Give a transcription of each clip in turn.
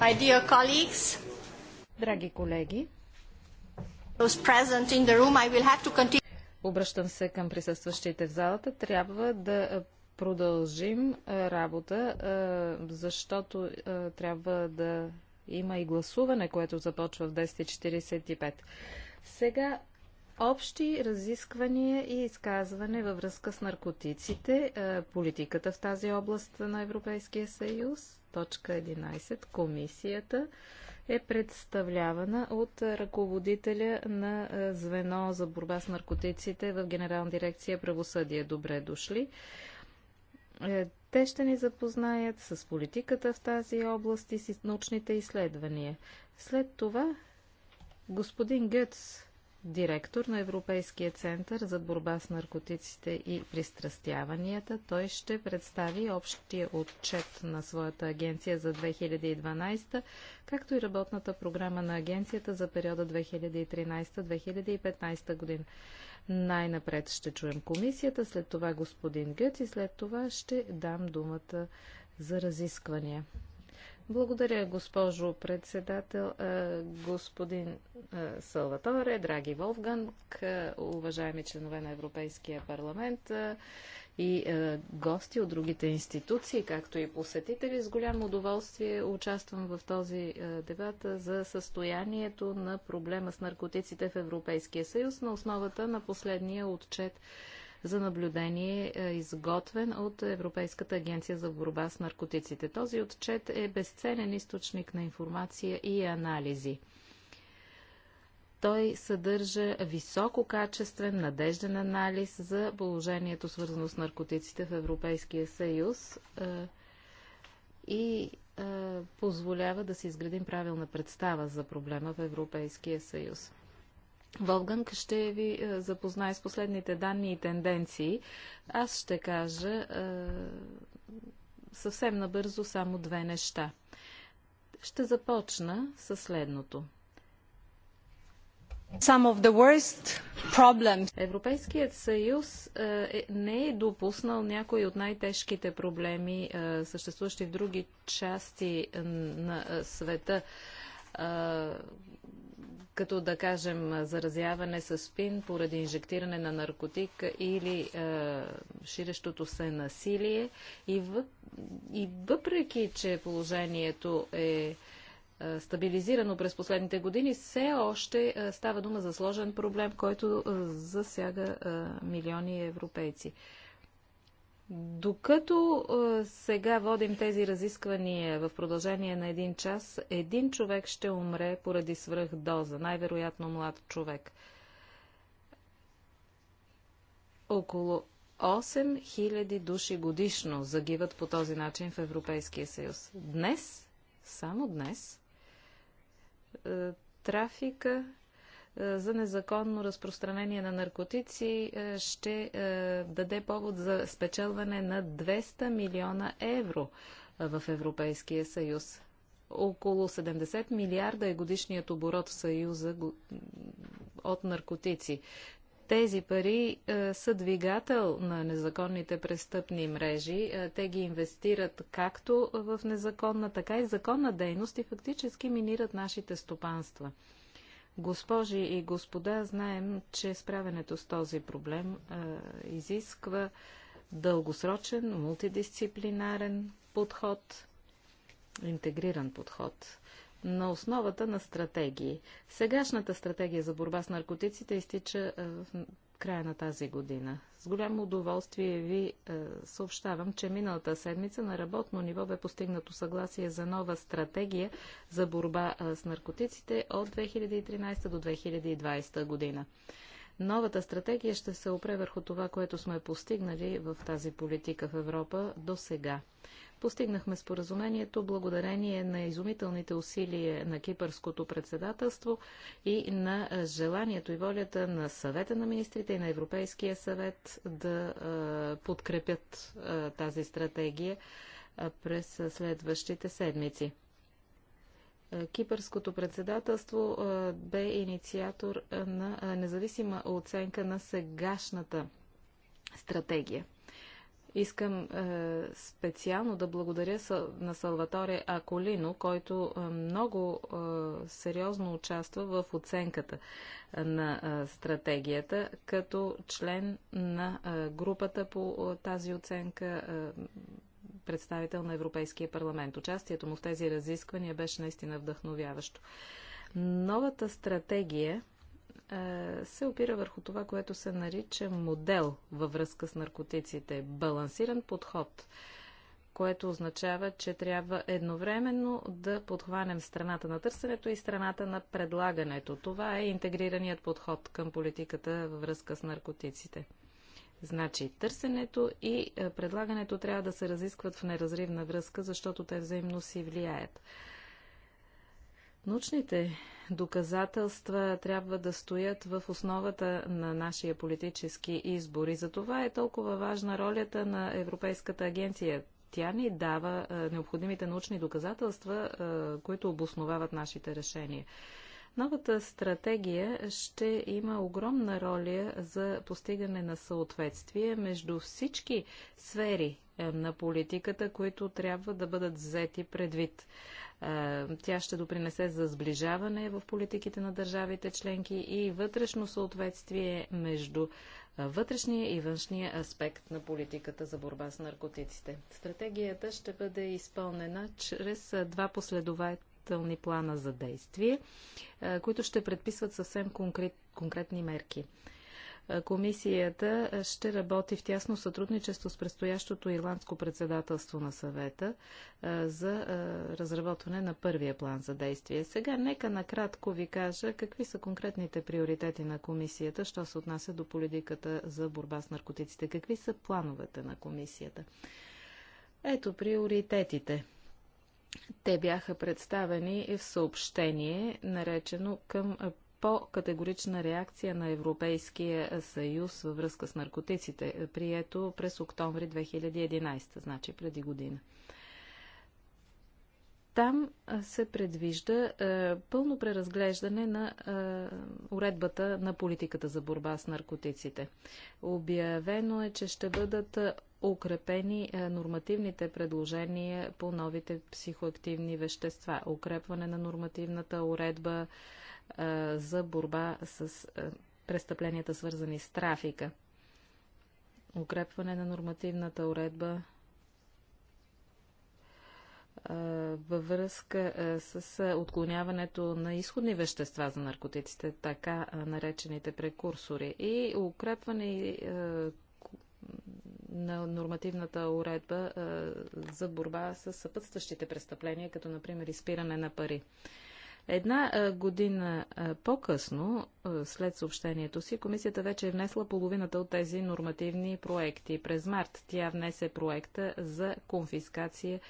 My dear colleagues, Драги колеги, in the room, I will have to Обръщам се към присъстващите в залата. Трябва да продължим работа, защото трябва да има и гласуване, което започва в 10.45. Сега общи разисквания и изказване във връзка с наркотиците, политиката в тази област на Европейския съюз Точка 11. Комисията е представлявана от ръководителя на е, звено за борба с наркотиците в Генерална дирекция правосъдие. Добре дошли. Е, те ще ни запознаят с политиката в тази област и с научните изследвания. След това господин Гъц директор на Европейския център за борба с наркотиците и пристрастяванията. Той ще представи общия отчет на своята агенция за 2012, както и работната програма на агенцията за периода 2013-2015 година. Най-напред ще чуем комисията, след това господин Гът и след това ще дам думата за разисквания. Благодаря, госпожо председател, господин Салваторе, драги Волфганг, уважаеми членове на Европейския парламент и гости от другите институции, както и посетители. С голямо удоволствие участвам в този дебат за състоянието на проблема с наркотиците в Европейския съюз на основата на последния отчет за наблюдение, е, изготвен от Европейската агенция за борба с наркотиците. Този отчет е безценен източник на информация и анализи. Той съдържа висококачествен, надежден анализ за положението свързано с наркотиците в Европейския съюз е, и е, позволява да се изградим правилна представа за проблема в Европейския съюз. Волганг ще ви е, запознае с последните данни и тенденции. Аз ще кажа е, съвсем набързо само две неща. Ще започна с следното. Some of the worst problems. Европейският съюз е, е, не е допуснал някои от най-тежките проблеми, е, съществуващи в други части е, на света като да кажем заразяване с спин поради инжектиране на наркотик или е, ширещото се насилие. И, въп, и въпреки, че положението е, е стабилизирано през последните години, все още е, става дума за сложен проблем, който е, засяга милиони европейци. Докато сега водим тези разисквания в продължение на един час, един човек ще умре поради свръхдоза, най-вероятно млад човек. Около 8000 души годишно загиват по този начин в Европейския съюз. Днес, само днес, трафика е, за незаконно разпространение на наркотици е, ще е, даде повод за спечелване на 200 милиона евро в Европейския съюз. Около 70 милиарда е годишният оборот в Съюза от наркотици. Тези пари са двигател на незаконните престъпни мрежи. те ги инвестират както в незаконна, така и законна дейност и фактически минират нашите стопанства. Госпожи и господа, знаем, че справянето с този проблем а, изисква дългосрочен, мултидисциплинарен подход, интегриран подход на основата на стратегии. Сегашната стратегия за борба с наркотиците изтича в края на тази година. С голямо удоволствие ви е, съобщавам, че миналата седмица на работно ниво бе постигнато съгласие за нова стратегия за борба е, с наркотиците от 2013 до 2020 година. Новата стратегия ще се опре върху това, което сме постигнали в тази политика в Европа до сега. Постигнахме споразумението благодарение на изумителните усилия на кипърското председателство и на желанието и волята на съвета на министрите и на Европейския съвет да подкрепят тази стратегия през следващите седмици. Кипърското председателство бе инициатор на независима оценка на сегашната стратегия. Искам специално да благодаря на Салваторе Аколино, който много сериозно участва в оценката на стратегията, като член на групата по тази оценка представител на Европейския парламент. Участието му в тези разисквания беше наистина вдъхновяващо. Новата стратегия е, се опира върху това, което се нарича модел във връзка с наркотиците. Балансиран подход, което означава, че трябва едновременно да подхванем страната на търсенето и страната на предлагането. Това е интегрираният подход към политиката във връзка с наркотиците. Значи търсенето и е, предлагането трябва да се разискват в неразривна връзка, защото те взаимно си влияят. Научните доказателства трябва да стоят в основата на нашия политически избор и за това е толкова важна ролята на Европейската агенция. Тя ни дава е, необходимите научни доказателства, е, които обосновават нашите решения. Новата стратегия ще има огромна роля за постигане на съответствие между всички сфери е, на политиката, които трябва да бъдат взети предвид. Е, тя ще допринесе за сближаване в политиките на държавите членки и вътрешно съответствие между е, вътрешния и външния аспект на политиката за борба с наркотиците. Стратегията ще бъде изпълнена чрез два последователни законодателни плана за действие, е, които ще предписват съвсем конкрет, конкретни мерки. Е, комисията ще работи в тясно сътрудничество с предстоящото ирландско председателство на съвета е, за разработване на първия план за действие. Сега нека накратко ви кажа какви са конкретните приоритети на комисията, що се отнася до политиката за борба с наркотиците. Какви са плановете на комисията? Ето приоритетите – те бяха представени и в съобщение, наречено към по-категорична реакция на Европейския съюз във връзка с наркотиците, прието през октомври 2011, значи преди година. Там се предвижда е, пълно преразглеждане на е, уредбата на политиката за борба с наркотиците. Обявено е, че ще бъдат укрепени е, нормативните предложения по новите психоактивни вещества, укрепване на нормативната уредба е, за борба с е, престъпленията, свързани с трафика, укрепване на нормативната уредба във връзка с отклоняването на изходни вещества за наркотиците, така наречените прекурсори и укрепване на нормативната уредба е, за борба с съпътстващите престъпления, като например изпиране на пари. Една е, година е, по-късно, след съобщението си, комисията вече е внесла половината от тези нормативни проекти. През март тя внесе проекта за конфискация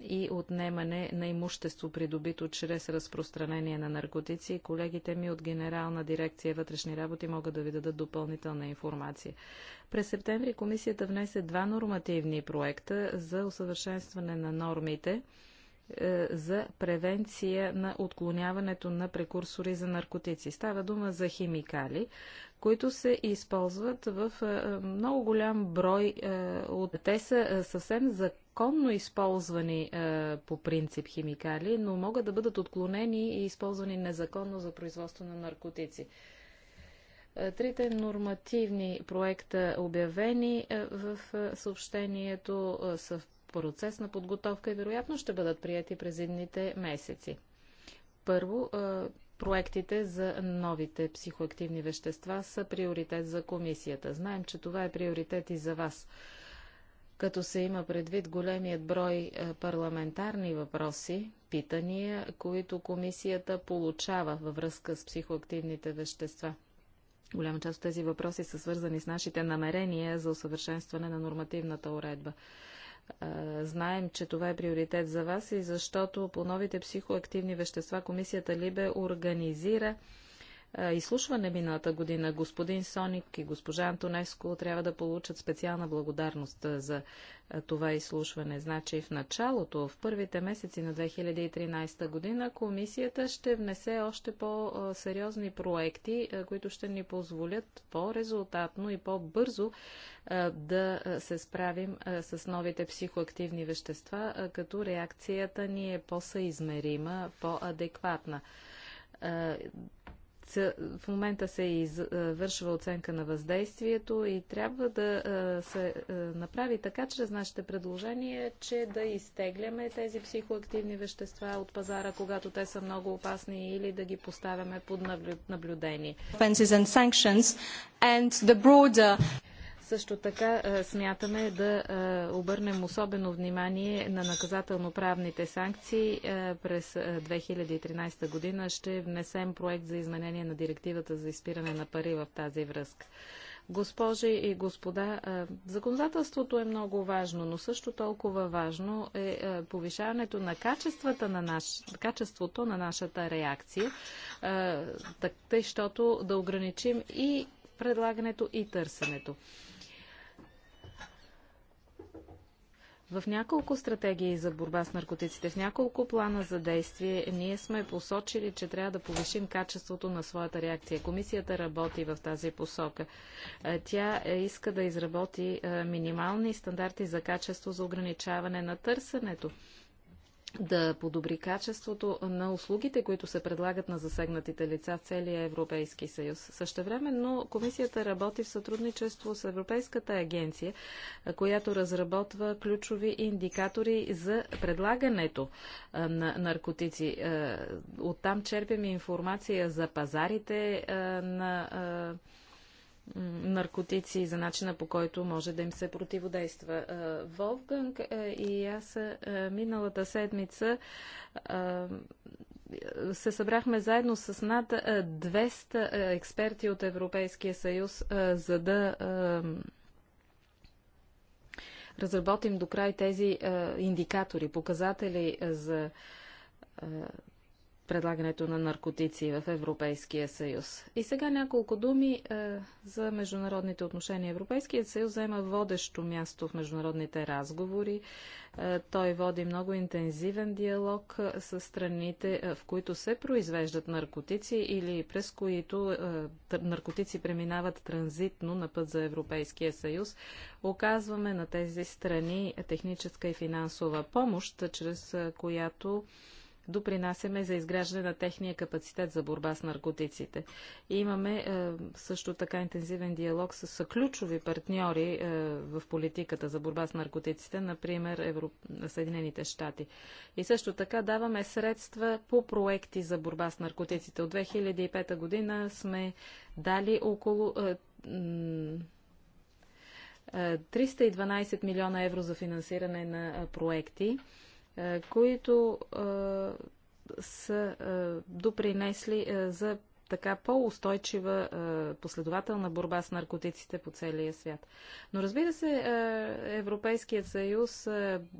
и отнемане на имущество, придобито чрез разпространение на наркотици. Колегите ми от Генерална дирекция вътрешни работи могат да ви дадат допълнителна информация. През септември комисията внесе два нормативни проекта за усъвършенстване на нормите е, за превенция на отклоняването на прекурсори за наркотици. Става дума за химикали, които се използват в е, много голям брой. Е, от. Те са съвсем законно използвани по принцип химикали, но могат да бъдат отклонени и използвани незаконно за производство на наркотици. Трите нормативни проекта, обявени в съобщението, са в процес на подготовка и вероятно ще бъдат прияти през едните месеци. Първо, проектите за новите психоактивни вещества са приоритет за комисията. Знаем, че това е приоритет и за вас. Като се има предвид големият брой парламентарни въпроси, питания, които комисията получава във връзка с психоактивните вещества. Голяма част от тези въпроси са свързани с нашите намерения за усъвършенстване на нормативната уредба. Знаем, че това е приоритет за вас и защото по новите психоактивни вещества комисията Либе организира е, изслушване миналата година. Господин Соник и госпожа Антонеско трябва да получат специална благодарност е, за е, това изслушване. Значи в началото, в първите месеци на 2013 година, комисията ще внесе още по-сериозни проекти, които ще ни позволят по-резултатно и по-бързо да се справим с новите психоактивни вещества, като реакцията ни е по-съизмерима, по-адекватна в момента се извършва оценка на въздействието и трябва да се направи така чрез нашите предложения, че да изтегляме тези психоактивни вещества от пазара, когато те са много опасни или да ги поставяме под наблюдение. And the broader също така е, смятаме да е, обърнем особено внимание на наказателно-правните санкции. Е, през 2013 година ще внесем проект за изменение на директивата за изпиране на пари в тази връзка. Госпожи и господа, законодателството е много важно, но също толкова важно е повишаването на качествата на наш, качеството на нашата реакция, тъй, щото да ограничим и предлагането и търсенето. В няколко стратегии за борба с наркотиците, в няколко плана за действие, ние сме посочили, че трябва да повишим качеството на своята реакция. Комисията работи в тази посока. Е, тя е, иска да изработи е, минимални стандарти за качество за ограничаване на търсенето да подобри качеството на услугите, които се предлагат на засегнатите лица в целия Европейски съюз. Същевременно комисията работи в сътрудничество с Европейската агенция, която разработва ключови индикатори за предлагането на наркотици. Оттам черпим информация за пазарите на наркотици и за начина по който може да им се противодейства. Волфганг и аз миналата седмица се събрахме заедно с над 200 експерти от Европейския съюз, за да разработим до край тези индикатори, показатели за предлагането на наркотици в Европейския съюз. И сега няколко думи е, за международните отношения. Европейският съюз заема водещо място в международните разговори. Е, той води много интензивен диалог е, с страните, е, в които се произвеждат наркотици или през които е, наркотици преминават транзитно на път за Европейския съюз. Оказваме на тези страни техническа и финансова помощ, чрез е, която е, допринасяме за изграждане на техния капацитет за борба с наркотиците. И имаме е, също така интензивен диалог с, с ключови партньори е, в политиката за борба с наркотиците, например Евро... Съединените щати. И също така даваме средства по проекти за борба с наркотиците. От 2005 година сме дали около. Е, 312 е, милиона евро за финансиране на е, проекти е, които е, са е, допринесли за така по-устойчива последователна борба с наркотиците по целия свят. Но разбира се, Европейският съюз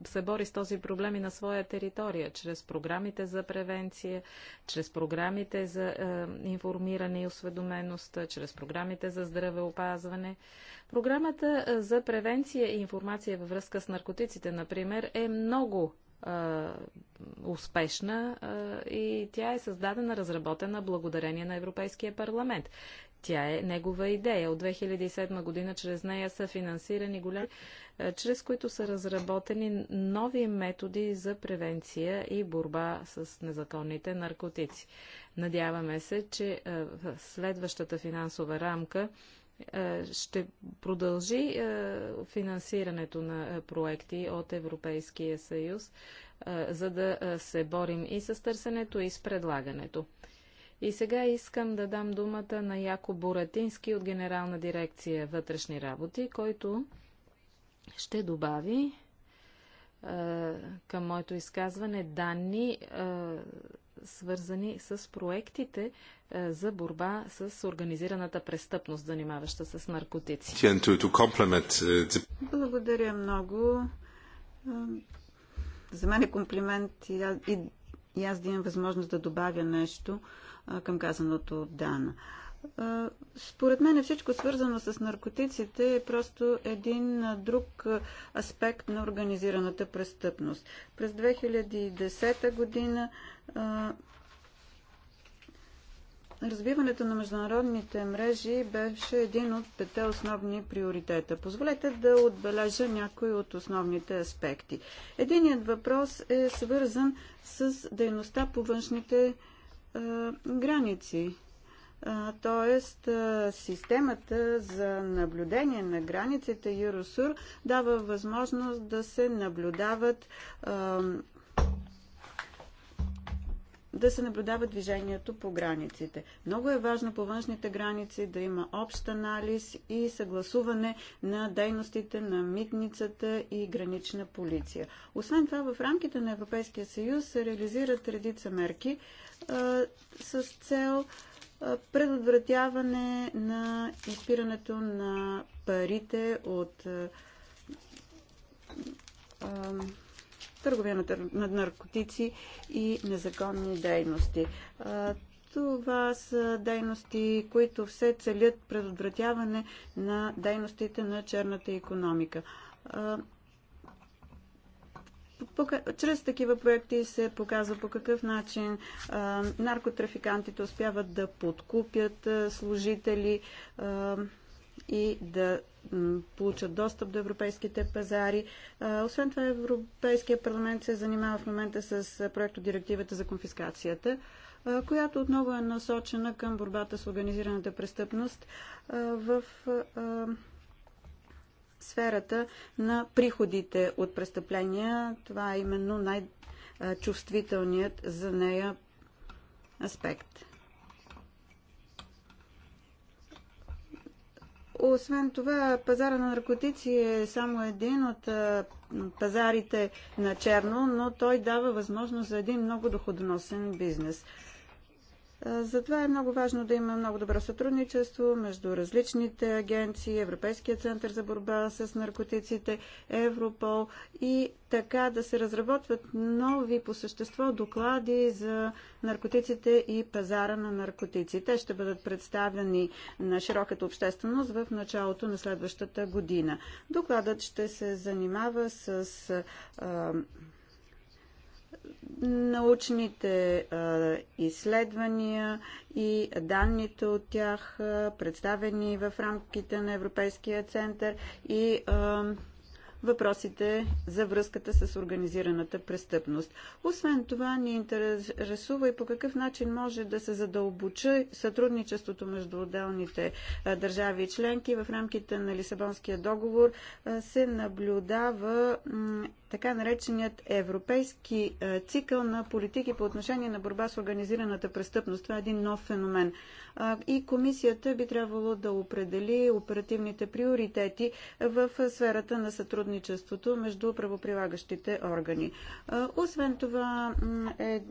се бори с този проблем и на своя територия, чрез програмите за превенция, чрез програмите за информиране и осведоменост, чрез програмите за здравеопазване. Програмата за превенция и информация във връзка с наркотиците, например, е много успешна и тя е създадена, разработена благодарение на Европейския парламент. Тя е негова идея. От 2007 година чрез нея са финансирани големи, чрез които са разработени нови методи за превенция и борба с незаконните наркотици. Надяваме се, че следващата финансова рамка е, ще продължи е, финансирането на е, проекти от Европейския съюз, за да се борим и с търсенето, и с предлагането. И сега искам да дам думата на Яко Боратински от Генерална дирекция вътрешни работи, който ще добави към моето изказване данни, свързани с проектите, е, за борба с организираната престъпност, занимаваща с наркотици. Uh, Благодаря много. Е, за мен е комплимент и, и, и аз да имам възможност да добавя нещо е, към казаното от Дана. Според мен е всичко свързано с наркотиците е просто един друг аспект на организираната престъпност. През 2010 година Развиването на международните мрежи беше един от пете основни приоритета. Позволете да отбележа някои от основните аспекти. Единият въпрос е свързан с дейността по външните е, а, граници. Тоест, е, системата за наблюдение на границите Юросур дава възможност да се наблюдават да се наблюдава движението по границите. Много е важно по външните граници да има общ анализ и съгласуване на дейностите на митницата и гранична полиция. Освен това, в рамките на Европейския съюз се реализират редица мерки а, с цел предотвратяване на изпирането на парите от а, а, търговия на, на наркотици и незаконни дейности. Това са дейности, които все целят предотвратяване на дейностите на черната економика. Чрез такива проекти се показва по какъв начин наркотрафикантите успяват да подкупят служители и да получат достъп до европейските пазари. Освен това, Европейския парламент се занимава в момента с проекто директивата за конфискацията, която отново е насочена към борбата с организираната престъпност в сферата на приходите от престъпления. Това е именно най-чувствителният за нея аспект. Освен това, пазара на наркотици е само един от пазарите на черно, но той дава възможност за един много доходоносен бизнес. Затова е много важно да има много добро сътрудничество между различните агенции, Европейския център за борба с наркотиците, Европол и така да се разработват нови по същество доклади за наркотиците и пазара на наркотици. Те ще бъдат представени на широката общественост в началото на следващата година. Докладът ще се занимава с а, научните а, изследвания и данните от тях, а, представени в рамките на Европейския център и а, въпросите за връзката с организираната престъпност. Освен това, ни интересува и по какъв начин може да се задълбочи сътрудничеството между отделните държави и членки. В рамките на Лисабонския договор се наблюдава така нареченият европейски е, цикъл на политики по отношение на борба с организираната престъпност. Това е един нов феномен. И комисията би трябвало да определи оперативните приоритети в сферата на сътрудничеството между правоприлагащите органи. Освен това, е,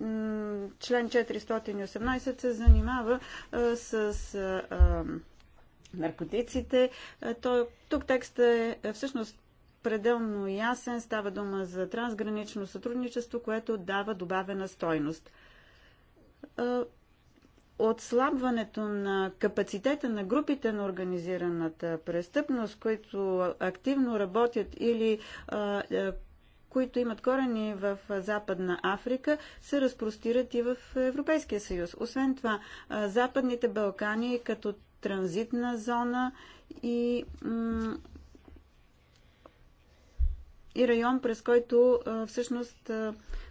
член 418 се занимава с наркотиците. тук текстът е всъщност пределно ясен. Става дума за трансгранично сътрудничество, което дава добавена стойност. Отслабването на капацитета на групите на организираната престъпност, които активно работят или които имат корени в Западна Африка, се разпростират и в Европейския съюз. Освен това, Западните Балкани като транзитна зона и и район, през който всъщност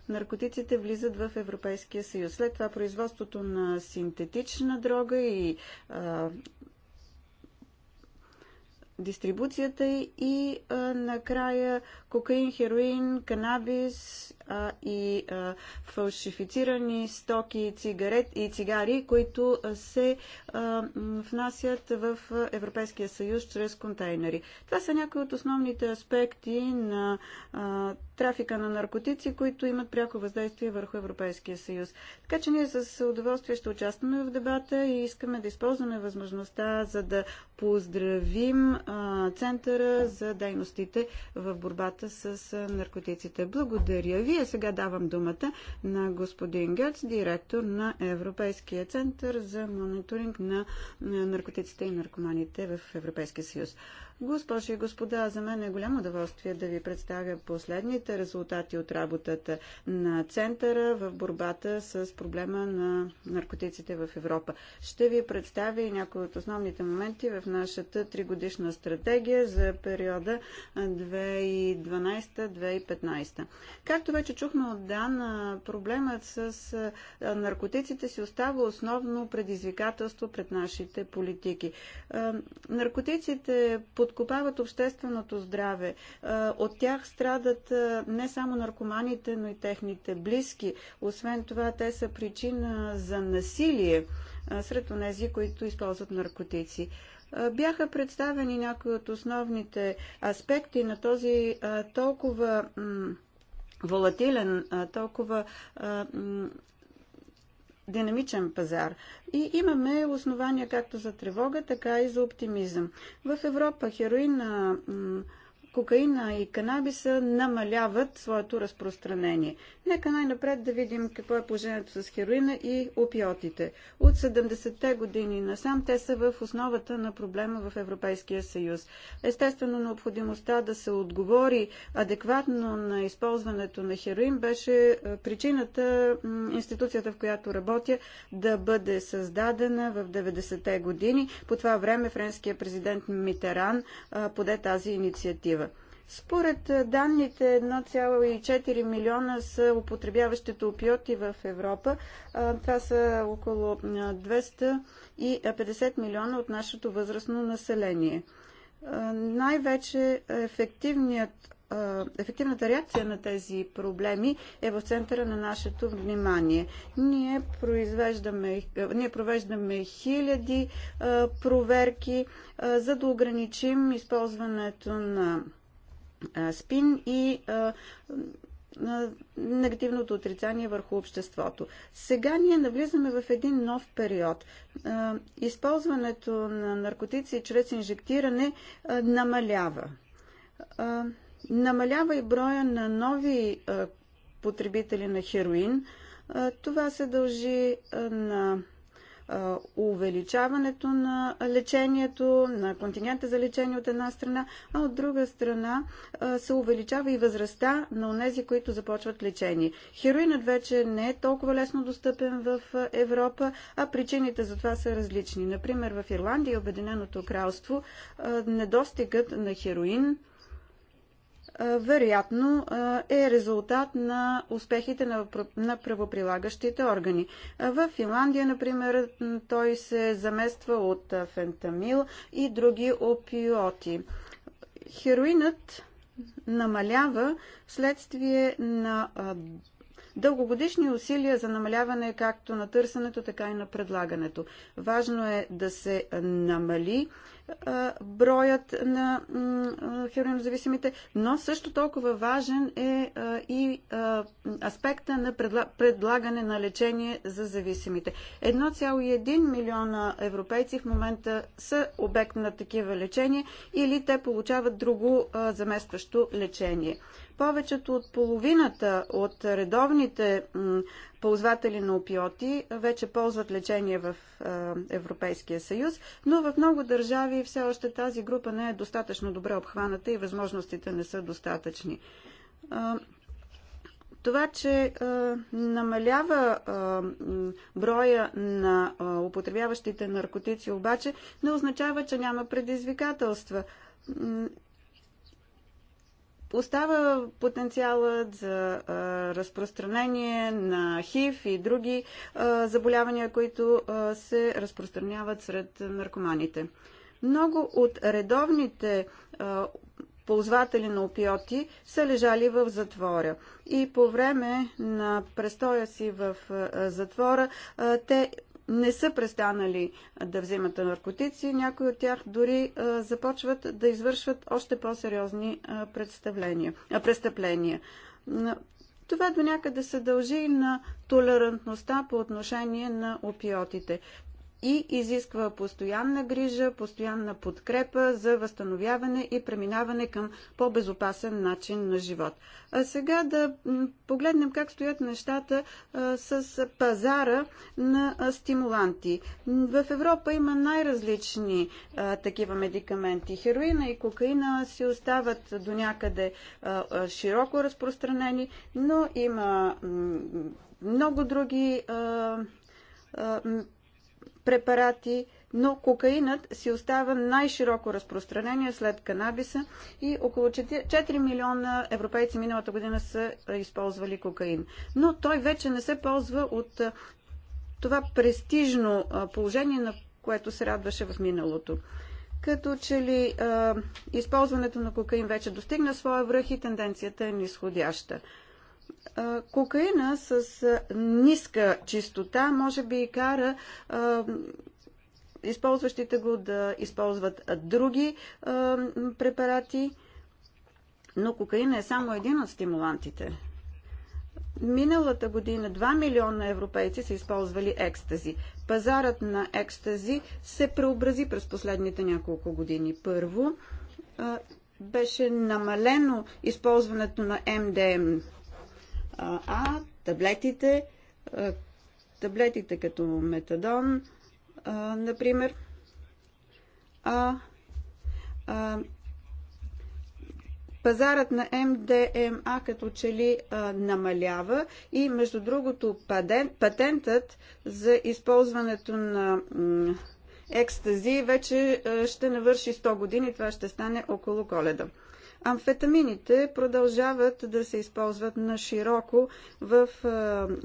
наркотиците влизат в Европейския съюз. След това производството на синтетична дрога и а, дистрибуцията и а, накрая кокаин, хероин, канабис а и а, фалшифицирани стоки цигарет и цигари, които се а, внасят в Европейския съюз чрез контейнери. Това са някои от основните аспекти на а, трафика на наркотици, които имат пряко въздействие върху Европейския съюз. Така че ние с удоволствие ще участваме в дебата и искаме да използваме възможността за да поздравим а, Центъра за дейностите в борбата с наркотиците. Благодаря ви! И сега давам думата на господин Гец, директор на Европейския център за мониторинг на наркотиците и наркоманите в Европейския съюз. Госпожи и господа, за мен е голямо удоволствие да ви представя последните резултати от работата на Центъра в борбата с проблема на наркотиците в Европа. Ще ви представя и някои от основните моменти в нашата тригодишна стратегия за периода 2012-2015. Както вече чухме от Дан, проблемът с наркотиците си остава основно предизвикателство пред нашите политики. Наркотиците по подкопават общественото здраве. Е, от тях страдат е, не само наркоманите, но и техните близки. Освен това, те са причина за насилие е, сред тези, които използват наркотици. Бяха представени някои от основните аспекти на този толкова волатилен, толкова динамичен пазар. И имаме основания както за тревога, така и за оптимизъм. В Европа хероина кокаина и канабиса намаляват своето разпространение. Нека най-напред да видим какво е положението с хероина и опиотите. От 70-те години насам те са в основата на проблема в Европейския съюз. Естествено, необходимостта да се отговори адекватно на използването на хероин беше е, причината институцията, в която работя, да бъде създадена в 90-те години. По това време френският президент Митеран е, поде тази инициатива. Според данните 1,4 милиона са употребяващите опиоти в Европа. Това са около 250 милиона от нашето възрастно население. Най-вече ефективният ефективната реакция на тези проблеми е в центъра на нашето внимание. Ние, произвеждаме, ние провеждаме хиляди проверки, за да ограничим използването на спин и негативното отрицание върху обществото. Сега ние навлизаме в един нов период. Използването на наркотици чрез инжектиране намалява. Намалява и броя на нови потребители на хероин. Това се дължи на увеличаването на лечението, на контингента за лечение от една страна, а от друга страна се увеличава и възрастта на онези, които започват лечение. Хероинът вече не е толкова лесно достъпен в Европа, а причините за това са различни. Например, в Ирландия и Обединеното кралство недостигът на хероин вероятно е резултат на успехите на правоприлагащите органи. В Финландия, например, той се замества от фентамил и други опиоти. Хероинът намалява следствие на дългогодишни усилия за намаляване както на търсенето, така и на предлагането. Важно е да се намали броят на хероинозависимите, но също толкова важен е и аспекта на предлагане на лечение за зависимите. 1,1 милиона европейци в момента са обект на такива лечения или те получават друго заместващо лечение. Повечето от половината от редовните ползватели на опиоти вече ползват лечение в Европейския съюз, но в много държави все още тази група не е достатъчно добре обхваната и възможностите не са достатъчни. Това, че а, е, намалява а, е, броя на а, е, употребяващите наркотици, обаче не означава, че няма предизвикателства остава потенциалът за а, разпространение на ХИВ и други а, заболявания, които а, се разпространяват сред наркоманите. Много от редовните ползватели на опиоти са лежали в затвора. И по време на престоя си в затвора те не са престанали да вземат наркотици, някои от тях дори започват да извършват още по-сериозни престъпления. Това до някъде се дължи и на толерантността по отношение на опиотите и изисква постоянна грижа, постоянна подкрепа за възстановяване и преминаване към по-безопасен начин на живот. А сега да погледнем как стоят нещата с пазара на стимуланти. В Европа има най-различни такива медикаменти. Хероина и кокаина си остават до някъде широко разпространени, но има много други препарати, но кокаинът си остава най-широко разпространение след канабиса и около 4 милиона европейци миналата година са използвали кокаин. Но той вече не се ползва от това престижно положение, на което се радваше в миналото. Като че ли използването на кокаин вече достигна своя връх и тенденцията е нисходяща. Кокаина с ниска чистота може би и кара използващите го да използват други препарати, но кокаина е само един от стимулантите. Миналата година 2 милиона европейци са използвали екстази. Пазарът на екстази се преобрази през последните няколко години. Първо, беше намалено използването на МДМ а таблетите, таблетите като метадон, например, а, а пазарът на МДМА като че ли а, намалява и между другото патент, патентът за използването на екстази вече а, ще навърши 100 години, това ще стане около коледа. Амфетамините продължават да се използват на широко в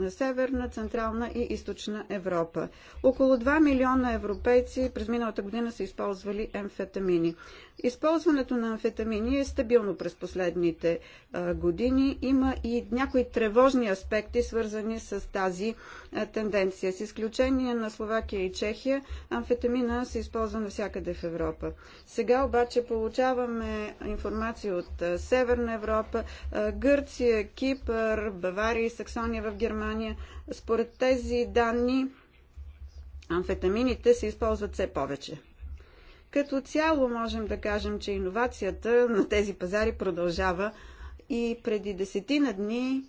Северна, Централна и Източна Европа. Около 2 милиона европейци през миналата година са използвали амфетамини. Използването на амфетамини е стабилно през последните а, години. Има и някои тревожни аспекти, свързани с тази а, тенденция. С изключение на Словакия и Чехия, амфетамина се използва навсякъде в Европа. Сега обаче получаваме информация от а, Северна Европа, Гърция, Кипър, Бавария и Саксония в Германия. Според тези данни, амфетамините се използват все повече. Като цяло можем да кажем, че иновацията на тези пазари продължава и преди десетина дни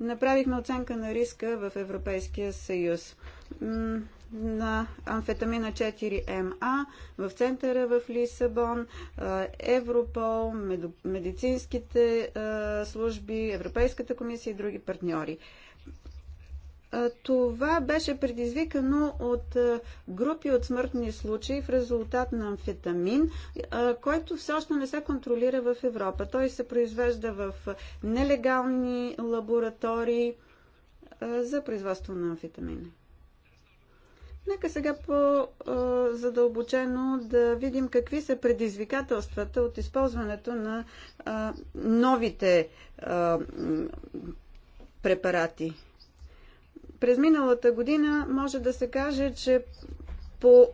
направихме оценка на риска в Европейския съюз на амфетамина 4МА в центъра в Лисабон, Европол, медицинските служби, Европейската комисия и други партньори. Това беше предизвикано от групи от смъртни случаи в резултат на амфетамин, който все още не се контролира в Европа. Той се произвежда в нелегални лаборатории за производство на амфетамини. Нека сега по-задълбочено да видим какви са предизвикателствата от използването на новите препарати през миналата година може да се каже, че по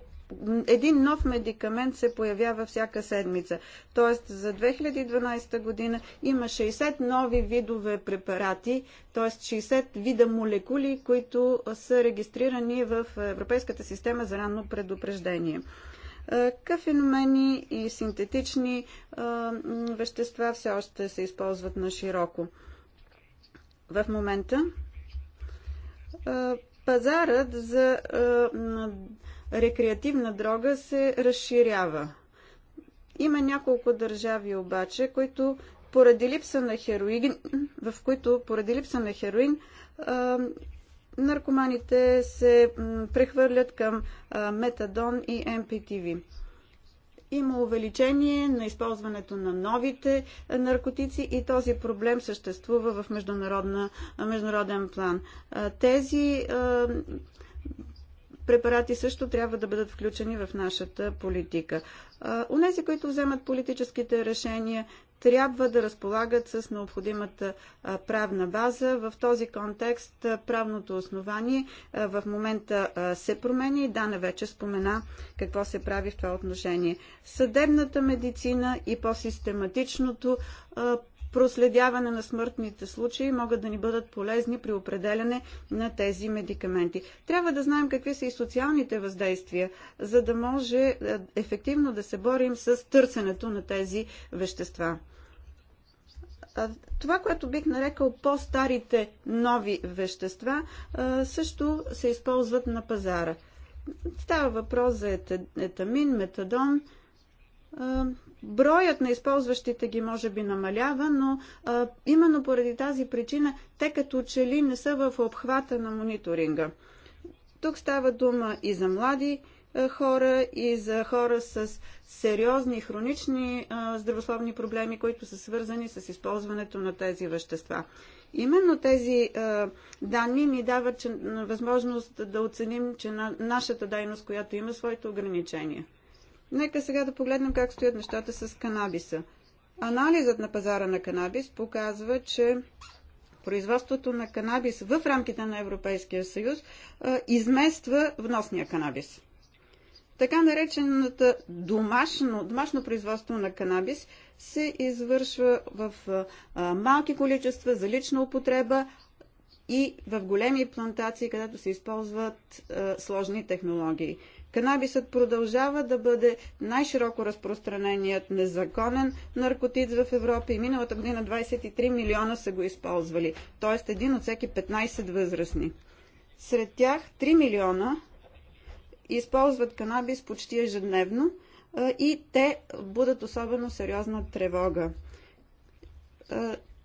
един нов медикамент се появява всяка седмица. Тоест за 2012 година има 60 нови видове препарати, т.е. 60 вида молекули, които са регистрирани в Европейската система за ранно предупреждение. Кафеномени и синтетични вещества все още се използват на широко. В момента пазарът за рекреативна дрога се разширява. Има няколко държави обаче, които поради липса на хероин, в които поради липса на хероин наркоманите се прехвърлят към метадон и МПТВ има увеличение на използването на новите е, наркотици и този проблем съществува в е, международен план. Е, тези препарати също трябва да бъдат включени в нашата политика. Унези, които вземат политическите решения, трябва да разполагат с необходимата правна база. В този контекст правното основание в момента се промени и Дана вече спомена какво се прави в това отношение. Съдебната медицина и по-систематичното проследяване на смъртните случаи могат да ни бъдат полезни при определяне на тези медикаменти. Трябва да знаем какви са и социалните въздействия, за да може ефективно да се борим с търсенето на тези вещества това, което бих нарекал по-старите нови вещества, също се използват на пазара. Става въпрос за етамин, метадон. Броят на използващите ги може би намалява, но именно поради тази причина те като че ли не са в обхвата на мониторинга. Тук става дума и за млади е, хора и за хора с сериозни хронични е, здравословни проблеми, които са свързани с използването на тези вещества. Именно тези е, данни ни дават че, възможност да оценим, че на, нашата дейност, която има своите ограничения. Нека сега да погледнем как стоят нещата с канабиса. Анализът на пазара на канабис показва, че производството на канабис в рамките на Европейския съюз измества вносния канабис. Така наречената домашно, домашно производство на канабис се извършва в а, малки количества за лична употреба и в големи плантации, където се използват а, сложни технологии. Канабисът продължава да бъде най-широко разпространеният незаконен наркотиц в Европа и миналата година 23 милиона са го използвали, т.е. един от всеки 15 възрастни. Сред тях 3 милиона използват канабис почти ежедневно и те будат особено сериозна тревога.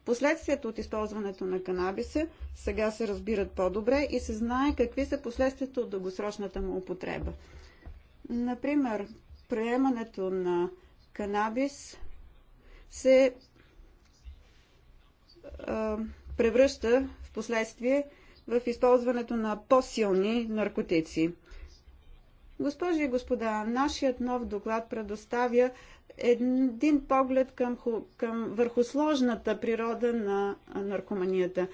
Последствията от използването на канабиса сега се разбират по-добре и се знае какви са последствията от дългосрочната му употреба. Например, приемането на канабис се превръща в последствие в използването на по-силни наркотици. Госпожи и господа, нашият нов доклад предоставя един поглед към, към върху сложната природа на наркоманията.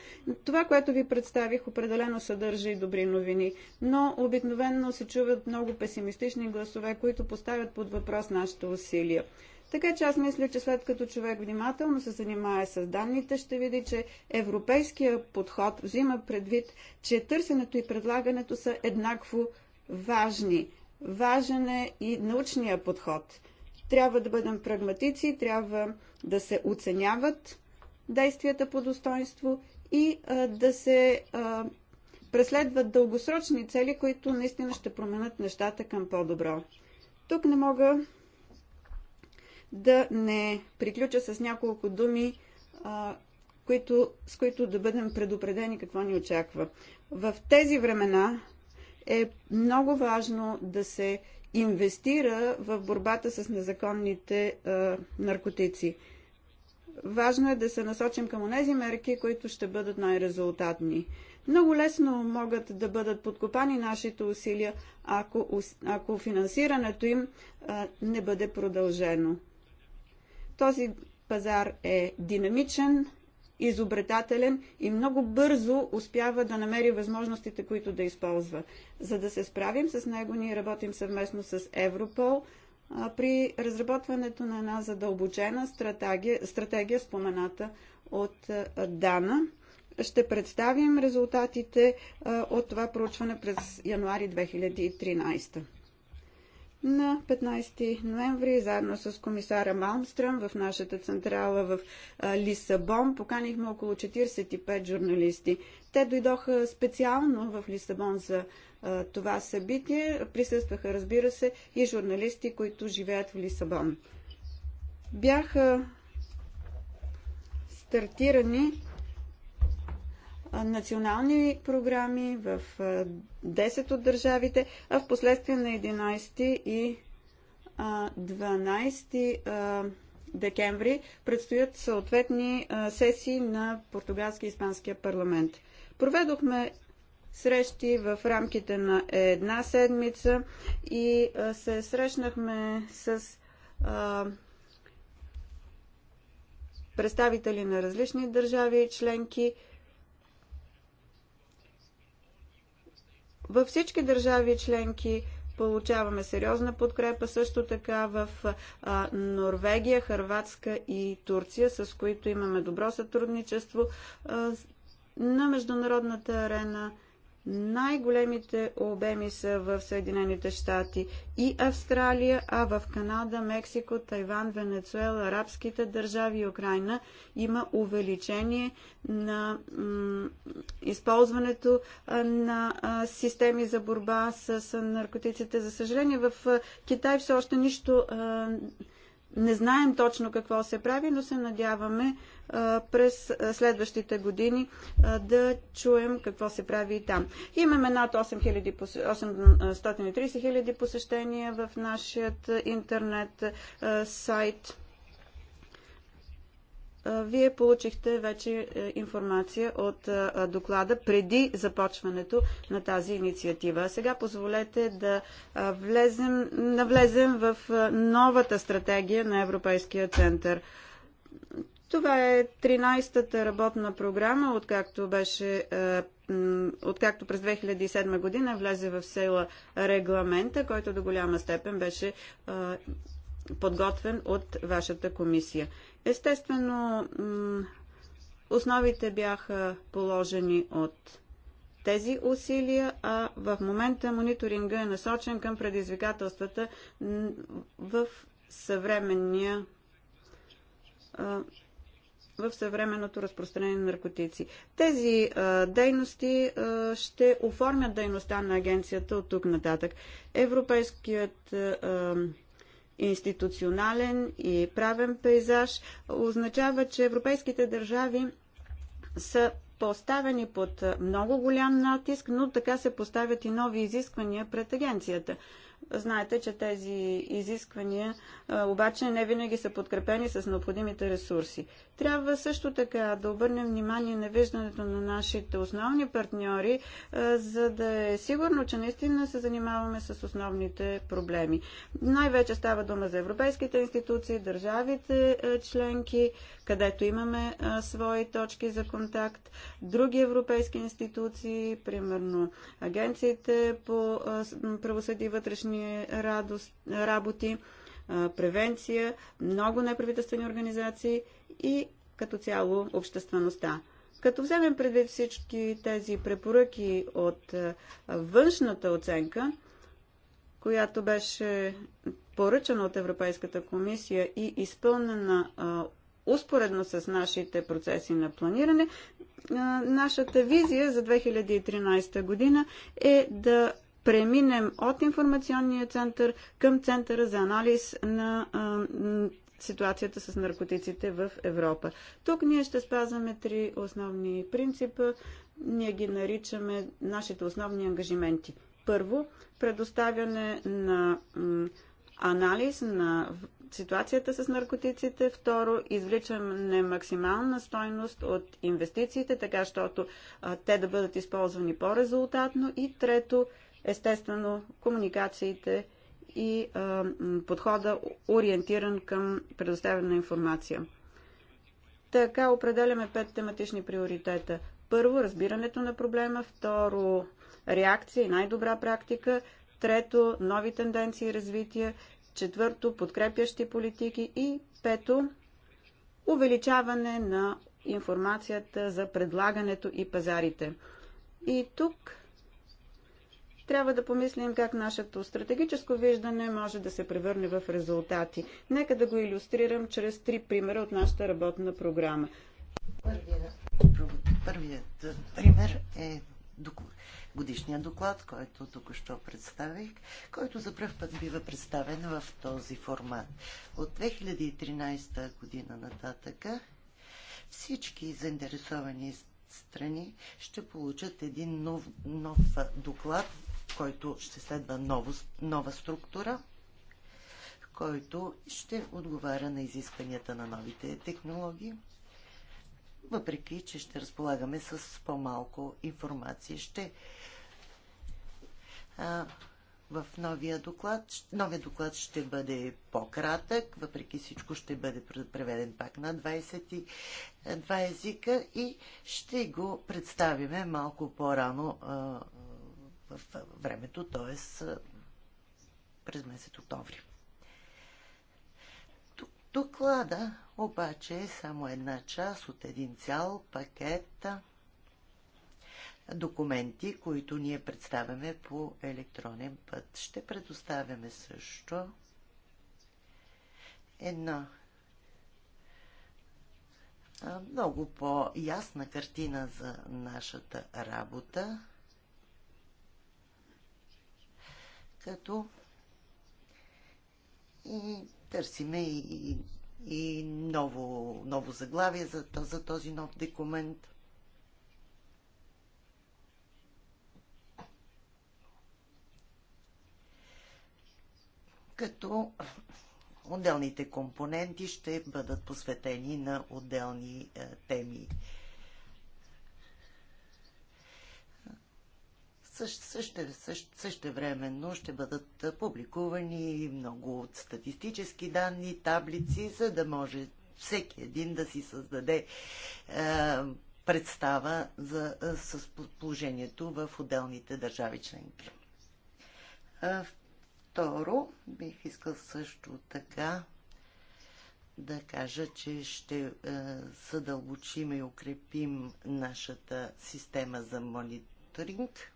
Това, което ви представих, определено съдържа и добри новини, но обикновенно се чуват много песимистични гласове, които поставят под въпрос нашите усилия. Така че аз мисля, че след като човек внимателно се занимае с данните, ще види, че европейския подход взима предвид, че търсенето и предлагането са еднакво важни. Важен е и научния подход. Трябва да бъдем прагматици, трябва да се оценяват действията по достоинство и а, да се а, преследват дългосрочни цели, които наистина ще променят нещата към по-добро. Тук не мога да не приключа с няколко думи, а, които, с които да бъдем предупредени какво ни очаква. В тези времена е много важно да се инвестира в борбата с незаконните а, наркотици. Важно е да се насочим към тези мерки, които ще бъдат най-резултатни. Много лесно могат да бъдат подкопани нашите усилия, ако, ако финансирането им а, не бъде продължено. Този пазар е динамичен, изобретателен и много бързо успява да намери възможностите, които да използва. За да се справим с него, ние работим съвместно с Европол при разработването на една задълбочена стратегия, стратегия спомената от Дана. Ще представим резултатите от това проучване през януари 2013 на 15 ноември, заедно с комисара Малмстръм в нашата централа в Лисабон. Поканихме около 45 журналисти. Те дойдоха специално в Лисабон за това събитие. Присъстваха, разбира се, и журналисти, които живеят в Лисабон. Бяха стартирани национални програми в 10 от държавите, а в последствие на 11 и 12 декември предстоят съответни сесии на португалски и испанския парламент. Проведохме срещи в рамките на една седмица и се срещнахме с представители на различни държави и членки – Във всички държави членки получаваме сериозна подкрепа, също така в Норвегия, Харватска и Турция, с които имаме добро сътрудничество на международната арена най-големите обеми са в Съединените щати и Австралия, а в Канада, Мексико, Тайван, Венецуела, арабските държави и Украина има увеличение на използването на системи за борба с наркотиците. За съжаление, в Китай все още нищо не знаем точно какво се прави, но се надяваме през следващите години да чуем какво се прави и там. Имаме над 830 000, 830 хиляди посещения в нашия интернет сайт. Вие получихте вече е, информация от доклада преди започването на тази инициатива. Сега позволете да влезем, навлезем в новата стратегия на Европейския център това е 13-та работна програма, откакто, беше, е, откакто през 2007 година влезе в сила регламента, който до голяма степен беше е, подготвен от вашата комисия. Естествено, основите бяха положени от тези усилия, а в момента мониторинга е насочен към предизвикателствата в съвременния е, в съвременното разпространение на наркотици. Тези а, дейности а, ще оформят дейността на агенцията от тук нататък. Европейският а, институционален и правен пейзаж означава, че европейските държави са поставени под много голям натиск, но така се поставят и нови изисквания пред агенцията. Знаете, че тези изисквания обаче не винаги са подкрепени с необходимите ресурси. Трябва също така да обърнем внимание на виждането на нашите основни партньори, за да е сигурно, че наистина се занимаваме с основните проблеми. Най-вече става дума за европейските институции, държавите членки, където имаме свои точки за контакт, други европейски институции, примерно агенциите по правосъди и вътрешни е, радост, работи, е, превенция, много неправителствени организации и като цяло обществеността. Като вземем предвид всички тези препоръки от е, външната оценка, която беше поръчана от Европейската комисия и изпълнена успоредно с нашите процеси на планиране, нашата визия за 2013 година е да преминем от информационния център към центъра за анализ на ситуацията с наркотиците в Европа. Тук ние ще спазваме три основни принципа. Ние ги наричаме нашите основни ангажименти. Първо, предоставяне на анализ на ситуацията с наркотиците. Второ, извличаме максимална стойност от инвестициите, така щото те да бъдат използвани по-резултатно. И трето, Естествено, комуникациите и а, подхода ориентиран към предоставяне на информация. Така определяме пет тематични приоритета. Първо, разбирането на проблема. Второ, реакция и най-добра практика. Трето, нови тенденции и развитие. Четвърто, подкрепящи политики. И пето, увеличаване на информацията за предлагането и пазарите. И тук трябва да помислим как нашето стратегическо виждане може да се превърне в резултати. Нека да го иллюстрирам чрез три примера от нашата работна програма. Първият, е, пример е годишния доклад, който току-що представих, който за пръв път бива представен в този формат. От 2013 година нататъка всички заинтересовани страни ще получат един нов, нов доклад който ще следва ново, нова структура, който ще отговаря на изискванията на новите технологии, въпреки че ще разполагаме с по-малко информация. Ще а, в новия доклад. Новия доклад ще бъде по-кратък, въпреки всичко ще бъде преведен пак на 22 езика и ще го представиме малко по-рано времето, т.е. през месец октомври. Доклада обаче е само една част от един цял пакет документи, които ние представяме по електронен път. Ще предоставяме също една много по-ясна картина за нашата работа като и търсиме и, и ново, ново заглавие за, за този нов документ. Като отделните компоненти ще бъдат посветени на отделни е, теми. Също, също, също, същевременно ще бъдат публикувани много статистически данни, таблици, за да може всеки един да си създаде е, представа за е, с положението в отделните държави членки. Е, второ, бих искал също така да кажа, че ще е, съдълбочим и укрепим нашата система за мониторинг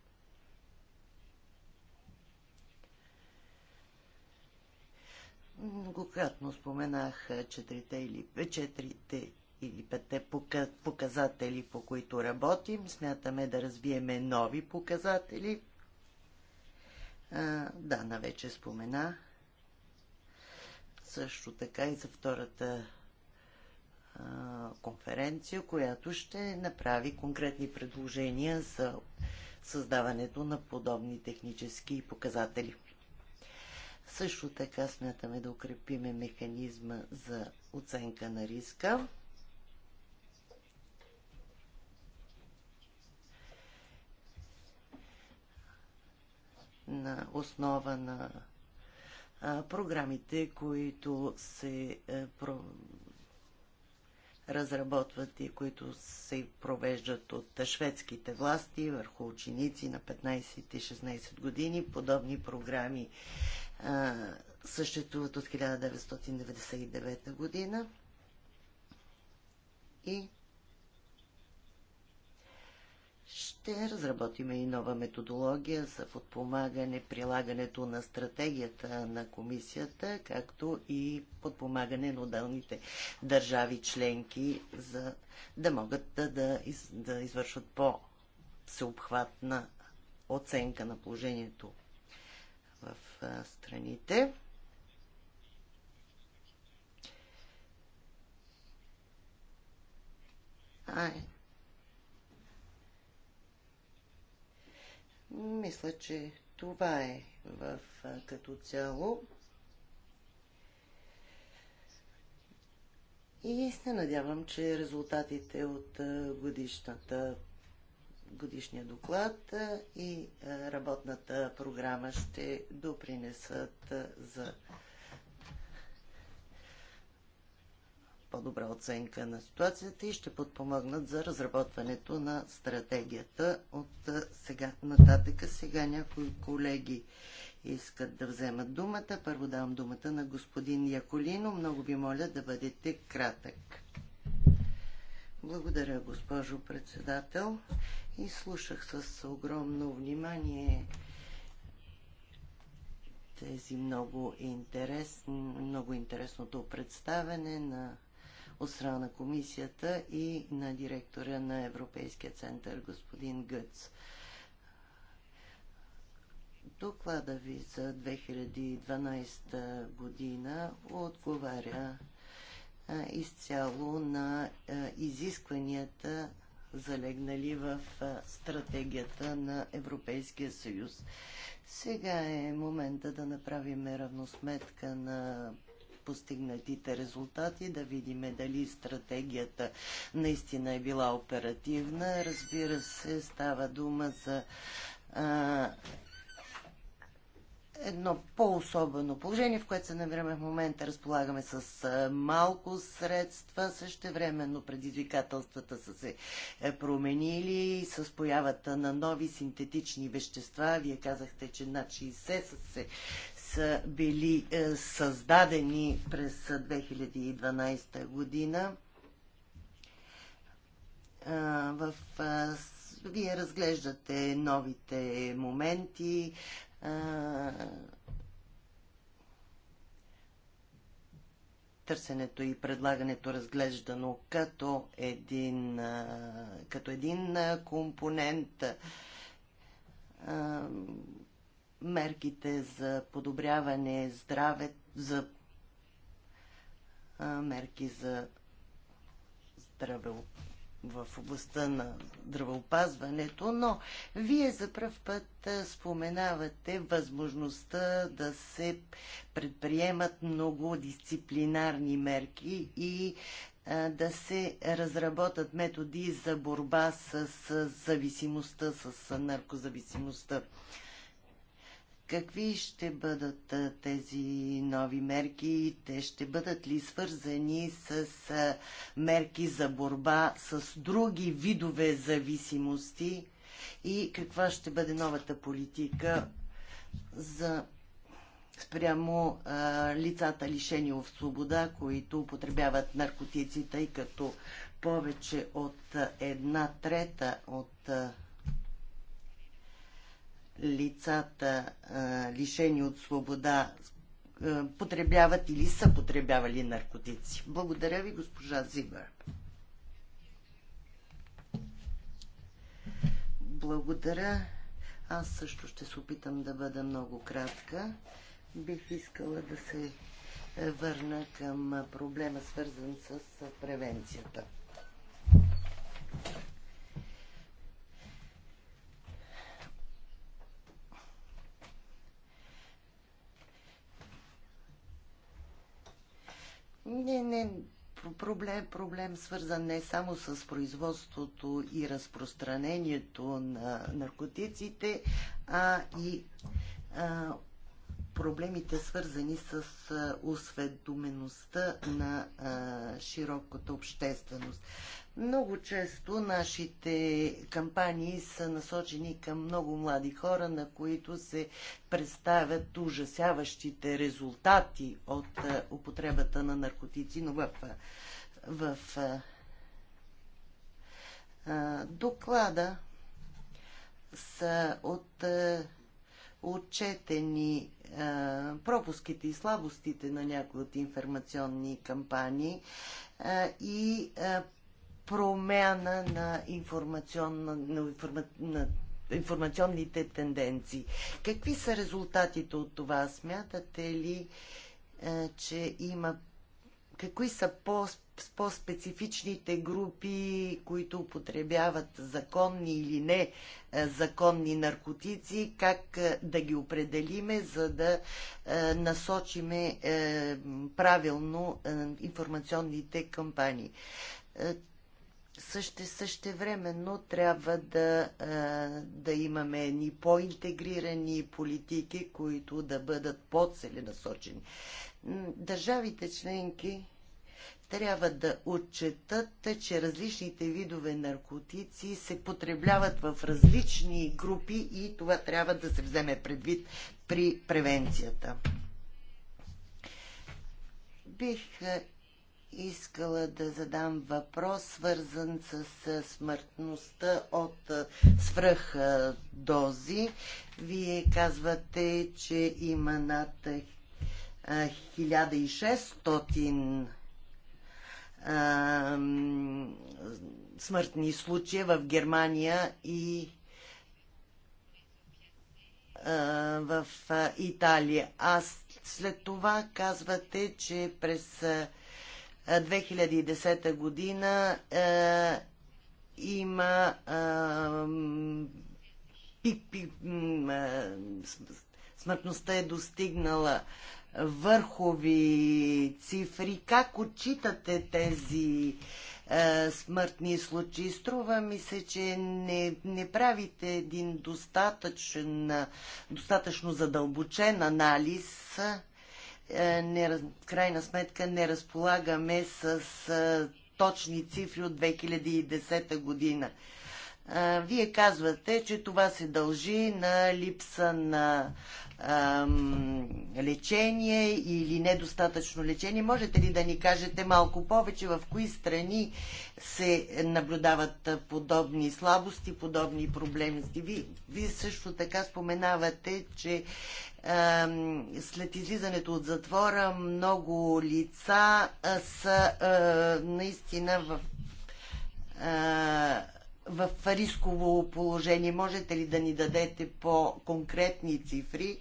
Многократно споменах е, четирите или, е, четирите или петте показатели, по които работим. Смятаме да развиеме нови показатели. А, Дана вече спомена. Също така и за втората а, конференция, която ще направи конкретни предложения за създаването на подобни технически показатели. Също така смятаме да укрепиме механизма за оценка на риска. на основа на а, програмите, които се а, е, про... разработват и които се провеждат от шведските власти върху ученици на 15 и 16 години. Подобни програми съществуват от 1999 година и ще разработиме и нова методология за подпомагане прилагането на стратегията на комисията, както и подпомагане на отделните държави членки, за да могат да, да, из, да извършват по-всеобхватна оценка на положението в страните. Ай. Е. Мисля, че това е в като цяло. И се надявам, че резултатите от годишната годишния доклад и работната програма ще допринесат за по-добра оценка на ситуацията и ще подпомогнат за разработването на стратегията от сега нататъка. Сега някои колеги искат да вземат думата. Първо давам думата на господин Яколино. Много ви моля да бъдете кратък. Благодаря, госпожо председател. И слушах с огромно внимание тези много, интерес, много интересното представене на от страна на комисията и на директора на Европейския център господин Гъц. Доклада ви за 2012 година отговаря изцяло на изискванията, залегнали в стратегията на Европейския съюз. Сега е момента да направим равносметка на постигнатите резултати, да видим дали стратегията наистина е била оперативна. Разбира се, става дума за едно по-особено положение, в което се намираме в момента. Разполагаме с малко средства, същевременно предизвикателствата са се е, променили с появата на нови синтетични вещества. Вие казахте, че над 60 са, се, са били е, създадени през 2012 година. в вие разглеждате новите моменти, а, търсенето и предлагането разглеждано като един, а, като един а, компонент а, мерките за подобряване здраве, за а, мерки за здравеопазване в областта на здравеопазването, но вие за пръв път споменавате възможността да се предприемат много дисциплинарни мерки и да се разработат методи за борба с зависимостта, с наркозависимостта. Какви ще бъдат тези нови мерки? Те ще бъдат ли свързани с мерки за борба с други видове зависимости? И каква ще бъде новата политика за спрямо а, лицата лишени от свобода, които употребяват наркотици, тъй като повече от една трета от а, лицата лишени от свобода потребяват или са потребявали наркотици. Благодаря ви, госпожа Зибър. Благодаря. Аз също ще се опитам да бъда много кратка. Бих искала да се е, върна към проблема, свързан с превенцията. не, не, проблем, проблем свързан не само с производството и разпространението на наркотиците, а и а, проблемите свързани с осведомеността на широката общественост. Много често нашите кампании са насочени към много млади хора, на които се представят ужасяващите резултати от употребата на наркотици, но в, в доклада са от отчетени пропуските и слабостите на някои от информационни кампании и промяна на, информационна, на, информа, на информационните тенденции. Какви са резултатите от това? Смятате ли, че има какви са по по-специфичните групи, които употребяват законни или не е, законни наркотици, как е, да ги определиме, за да е, насочиме правилно информационните кампании. Също, същевременно трябва да, да имаме ни по-интегрирани политики, които да бъдат по-целенасочени. Държавите членки трябва да отчетат, че различните видове наркотици се потребляват в различни групи и това трябва да се вземе предвид при превенцията. Бих е, искала да задам въпрос, свързан с е, смъртността от е, свръхдози. Вие казвате, че има над 1600 а, смъртни случаи в Германия и а, в а, Италия. А след това казвате, че през 2010 година е, има е, пик, пик, е, смъртността е достигнала върхови цифри. Как отчитате тези е, смъртни случаи? Струва ми се, че не, не правите един достатъчен, достатъчно задълбочен анализ. Е, не, крайна сметка не разполагаме с е, точни цифри от 2010 година. Вие казвате, че това се дължи на липса на ам, лечение или недостатъчно лечение. Можете ли да ни кажете малко повече в кои страни се наблюдават подобни слабости, подобни проблеми? Вие също така споменавате, че ам, след излизането от затвора много лица а, са а, наистина в. А, в рисково положение. Можете ли да ни дадете по-конкретни цифри?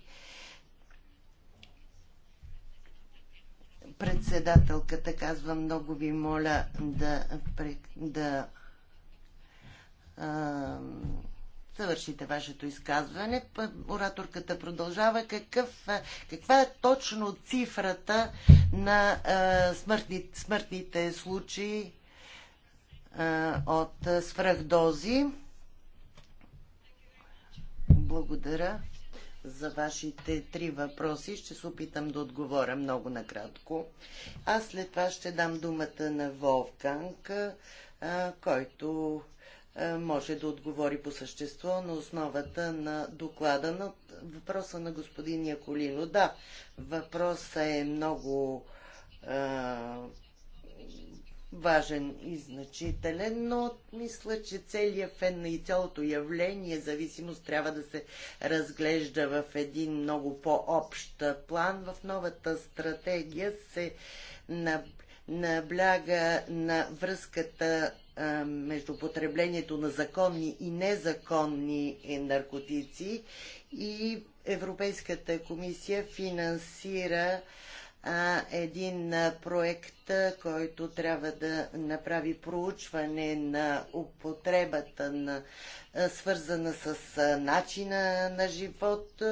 Председателката казва, много ви моля да, да а, съвършите вашето изказване. Ораторката продължава. Какъв, каква е точно цифрата на а, смъртни, смъртните случаи? от свръхдози. Благодаря за вашите три въпроси. Ще се опитам да отговоря много накратко. Аз след това ще дам думата на Волфганг, който може да отговори по същество на основата на доклада на въпроса на господин Яколино. Да, въпросът е много важен и значителен, но мисля, че целият фен и цялото явление зависимост трябва да се разглежда в един много по-общ план. В новата стратегия се набляга на връзката между потреблението на законни и незаконни наркотици и Европейската комисия финансира един проект, който трябва да направи проучване на употребата на свързана с начина на живот.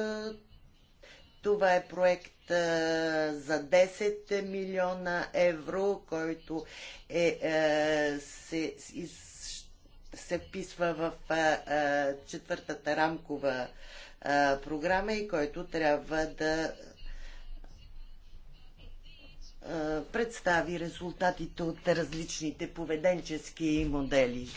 Това е проект за 10 милиона евро, който е, се, се вписва в четвъртата рамкова програма и който трябва да представи резултатите от различните поведенчески модели.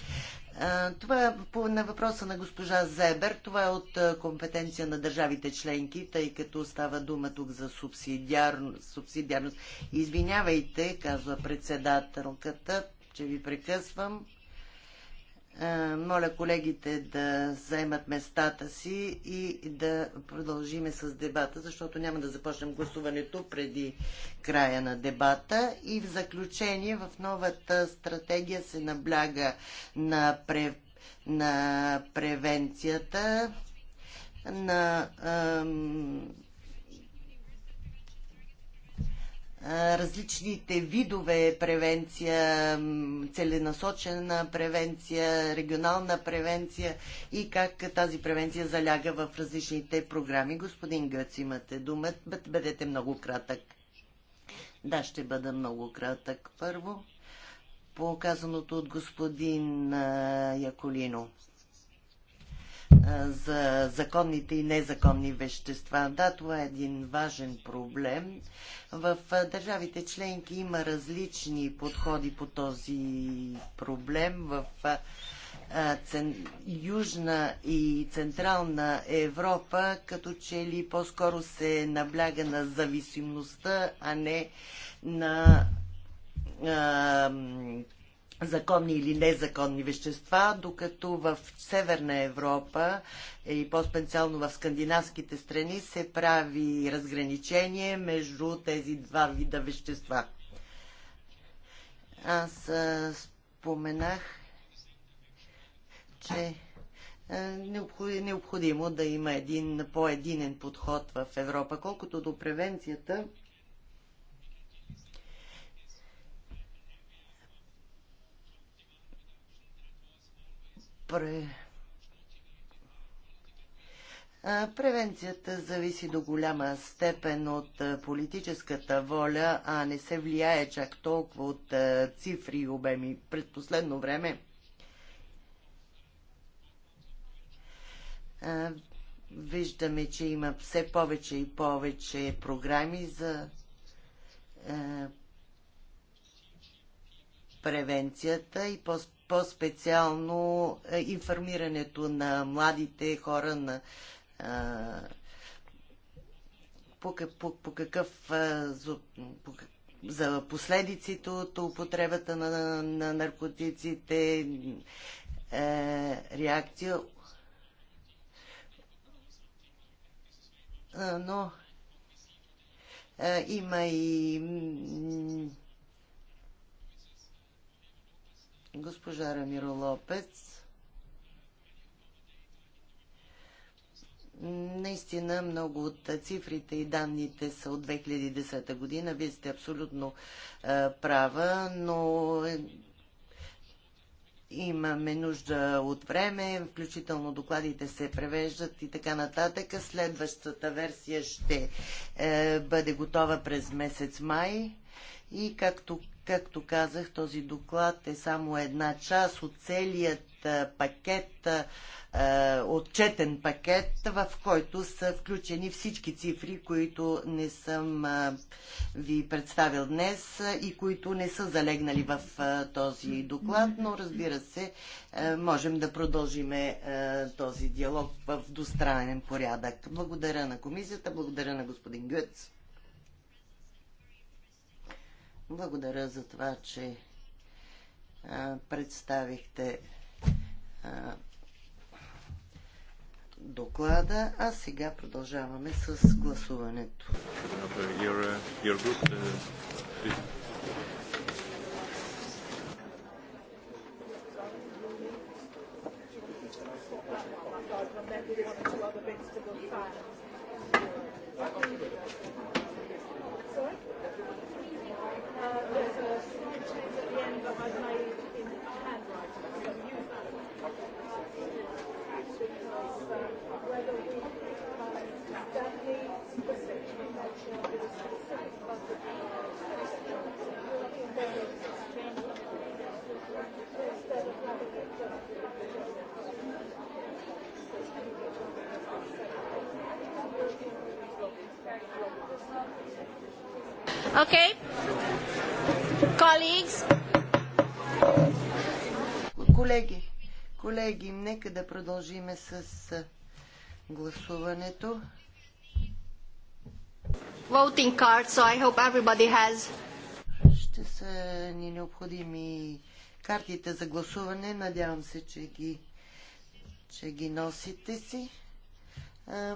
Това е по, на въпроса на госпожа Зебер. Това е от компетенция на държавите членки, тъй като става дума тук за субсидиарно, субсидиарност. Извинявайте, казва председателката, че ви прекъсвам. Е, моля колегите да заемат местата си и да продължиме с дебата, защото няма да започнем гласуването преди края на дебата. И в заключение в новата стратегия се набляга на, пре, на превенцията, на ам, различните видове превенция, целенасочена превенция, регионална превенция и как тази превенция заляга в различните програми. Господин Гъц, имате думата. Бъдете много кратък. Да, ще бъда много кратък. Първо, по казаното от господин Яколино за законните и незаконни вещества. Да, това е един важен проблем. В държавите членки има различни подходи по този проблем. В Южна и Централна Европа, като че ли по-скоро се набляга на зависимостта, а не на законни или незаконни вещества, докато в Северна Европа и по-специално в скандинавските страни се прави разграничение между тези два вида вещества. Аз а, споменах, че е необходимо да има един по-единен подход в Европа. Колкото до превенцията, пре... Превенцията зависи до голяма степен от политическата воля, а не се влияе чак толкова от цифри и обеми. През последно време виждаме, че има все повече и повече програми за превенцията и по-специално е, информирането на младите хора на по, по, по какъв за, по, за последиците от употребата на, на наркотиците, е, реакция. Но е, има и Госпожа Рамиро Лопец. Наистина много от цифрите и данните са от 2010 година. Вие сте абсолютно е, права, но е, имаме нужда от време, включително докладите се превеждат и така нататък. Следващата версия ще е, бъде готова през месец май. И както Както казах, този доклад е само една част от целият пакет, отчетен пакет, в който са включени всички цифри, които не съм ви представил днес и които не са залегнали в този доклад, но разбира се, можем да продължим този диалог в двустранен порядък. Благодаря на комисията, благодаря на господин Гюец. Благодаря за това, че а, представихте а, доклада, а сега продължаваме с гласуването. Нека да продължиме с гласуването. Voting card, so I hope everybody has. Ще са ни необходими картите за гласуване. Надявам се, че ги, че ги носите си.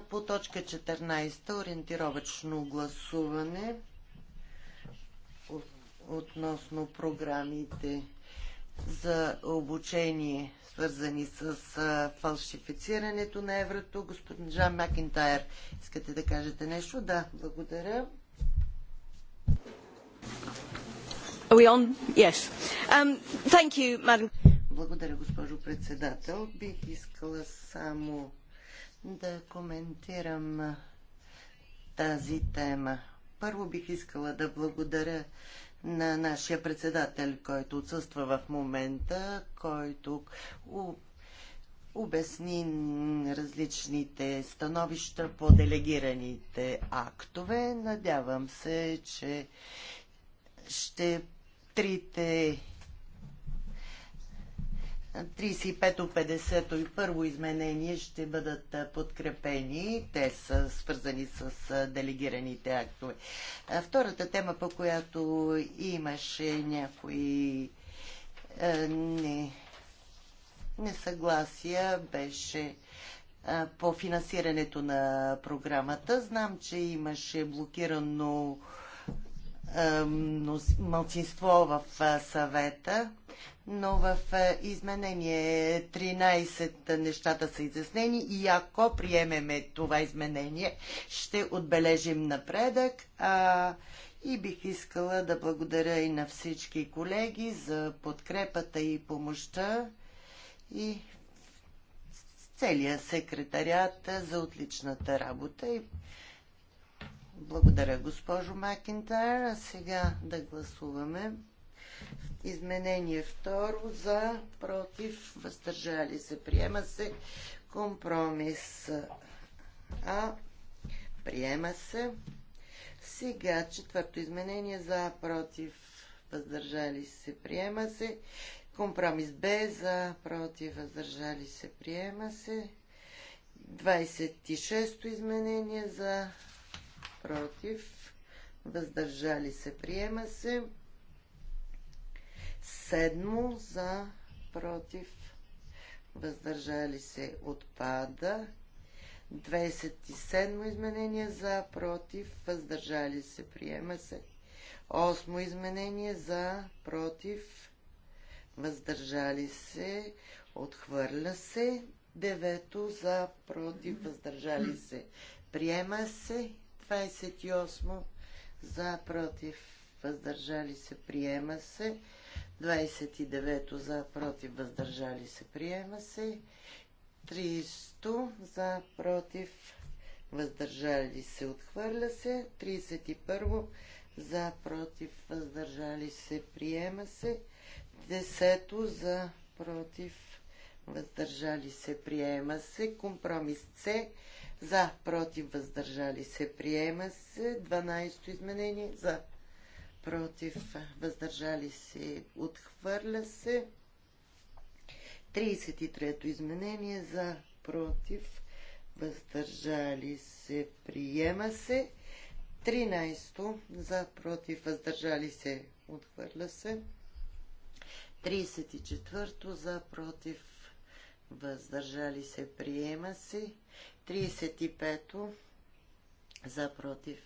По точка 14 ориентировачно гласуване относно програмите за обучение свързани с фалшифицирането на еврото. Господин Жан Макентайр, искате да кажете нещо? Да, благодаря. Yes. Um, you, Благодаря, госпожо председател. Бих искала само да коментирам тази тема. Първо бих искала да благодаря на нашия председател, който отсъства в момента, който обясни различните становища по делегираните актове. Надявам се, че ще трите 35-то, 50-то и първо изменение ще бъдат подкрепени. Те са свързани с делегираните актове. Втората тема, по която имаше някои не, несъгласия, беше по финансирането на програмата. Знам, че имаше блокирано мълцинство в съвета, но в е, изменение 13 е, нещата са изяснени и ако приемеме това изменение, ще отбележим напредък. А, и бих искала да благодаря и на всички колеги за подкрепата и помощта и целия секретарят е, за отличната работа. И благодаря, госпожо Макинтар. А сега да гласуваме. Изменение второ за, против, въздържали се. Приема се компромис А. Приема се. Сега четвърто изменение за, против, въздържали се. Приема се. Компромис Б за, против, въздържали се. Приема се. 26-то изменение за, против, въздържали се. Приема се. Седмо за против. Въздържали се отпада. 27 изменение за против. Въздържали се приема се. 8 изменение за против. Въздържали се. Отхвърля се. 9 за против. Въздържали се. Приема се. 28 за против. Въздържали се. Приема се. 29 за против въздържали се приема се. 300 за против въздържали се отхвърля се. 31 за против въздържали се приема се. 10 за против въздържали се приема се. Компромис С за против въздържали се приема се. 12 изменение за против, въздържали се, отхвърля се. 33-то изменение за против, въздържали се, приема се. 13-то за против, въздържали се, отхвърля се. 34-то за против, въздържали се, приема се. 35-то за против,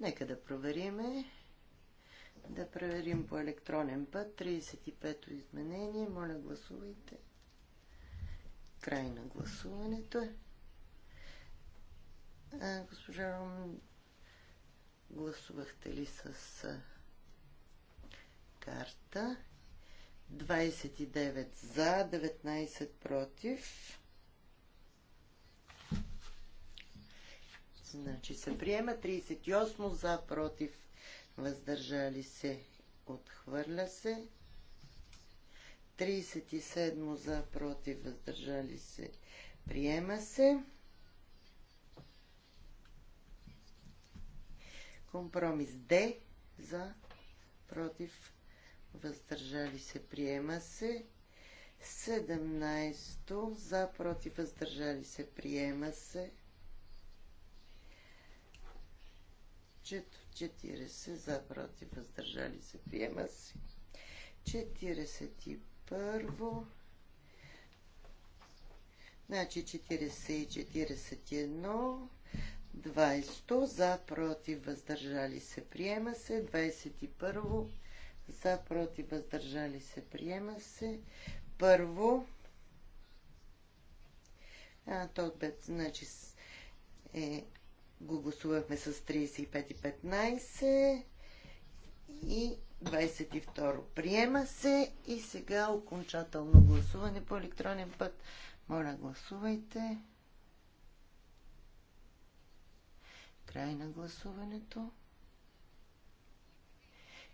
Нека да провериме. Да проверим по електронен път. 35-то изменение. Моля, гласувайте. Край на гласуването. е. госпожа Ром, гласувахте ли с карта? 29 за, 19 против. Значи се приема 38 за, против, въздържали се, отхвърля се. 37 за, против, въздържали се, приема се. Компромис Д за, против, въздържали се, приема се. 17 за, против, въздържали се, приема се. 40 за против въздържали се приема се 41 значи 40 и 41 20 за против въздържали се приема се 21 за против въздържали се приема се първо а, то бе, значи е го гласувахме с 35 и 15 и 22 приема се и сега окончателно гласуване по електронен път. Моля, гласувайте. Край на гласуването.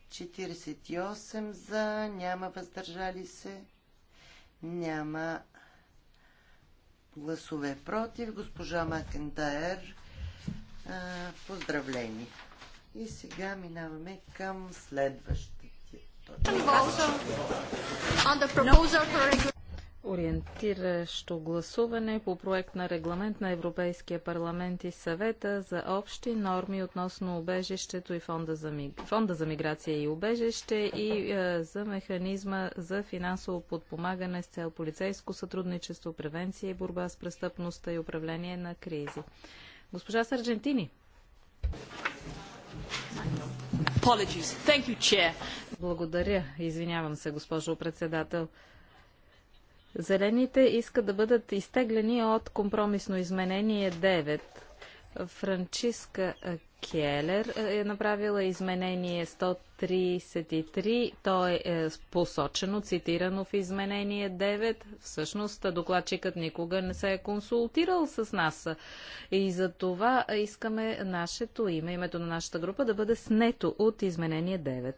48 за, няма въздържали се, няма гласове против. Госпожа Макентайер поздравления. И сега минаваме към следващите точки. Ориентиращо гласуване по проект на регламент на Европейския парламент и съвета за общи норми относно обежището и фонда за, миг... фонда за миграция и обежище, и е, за механизма за финансово подпомагане с цел полицейско сътрудничество, превенция и борба с престъпността и управление на кризи. Госпожа Сарджентини. Благодаря. Извинявам се, госпожо председател. Зелените искат да бъдат изтеглени от компромисно изменение 9. Франчиска Келер е, е направила изменение 133. То е, е посочено, цитирано в изменение 9. Всъщност докладчикът никога не се е консултирал с нас. И за това искаме нашето име, името на нашата група да бъде снето от изменение 9.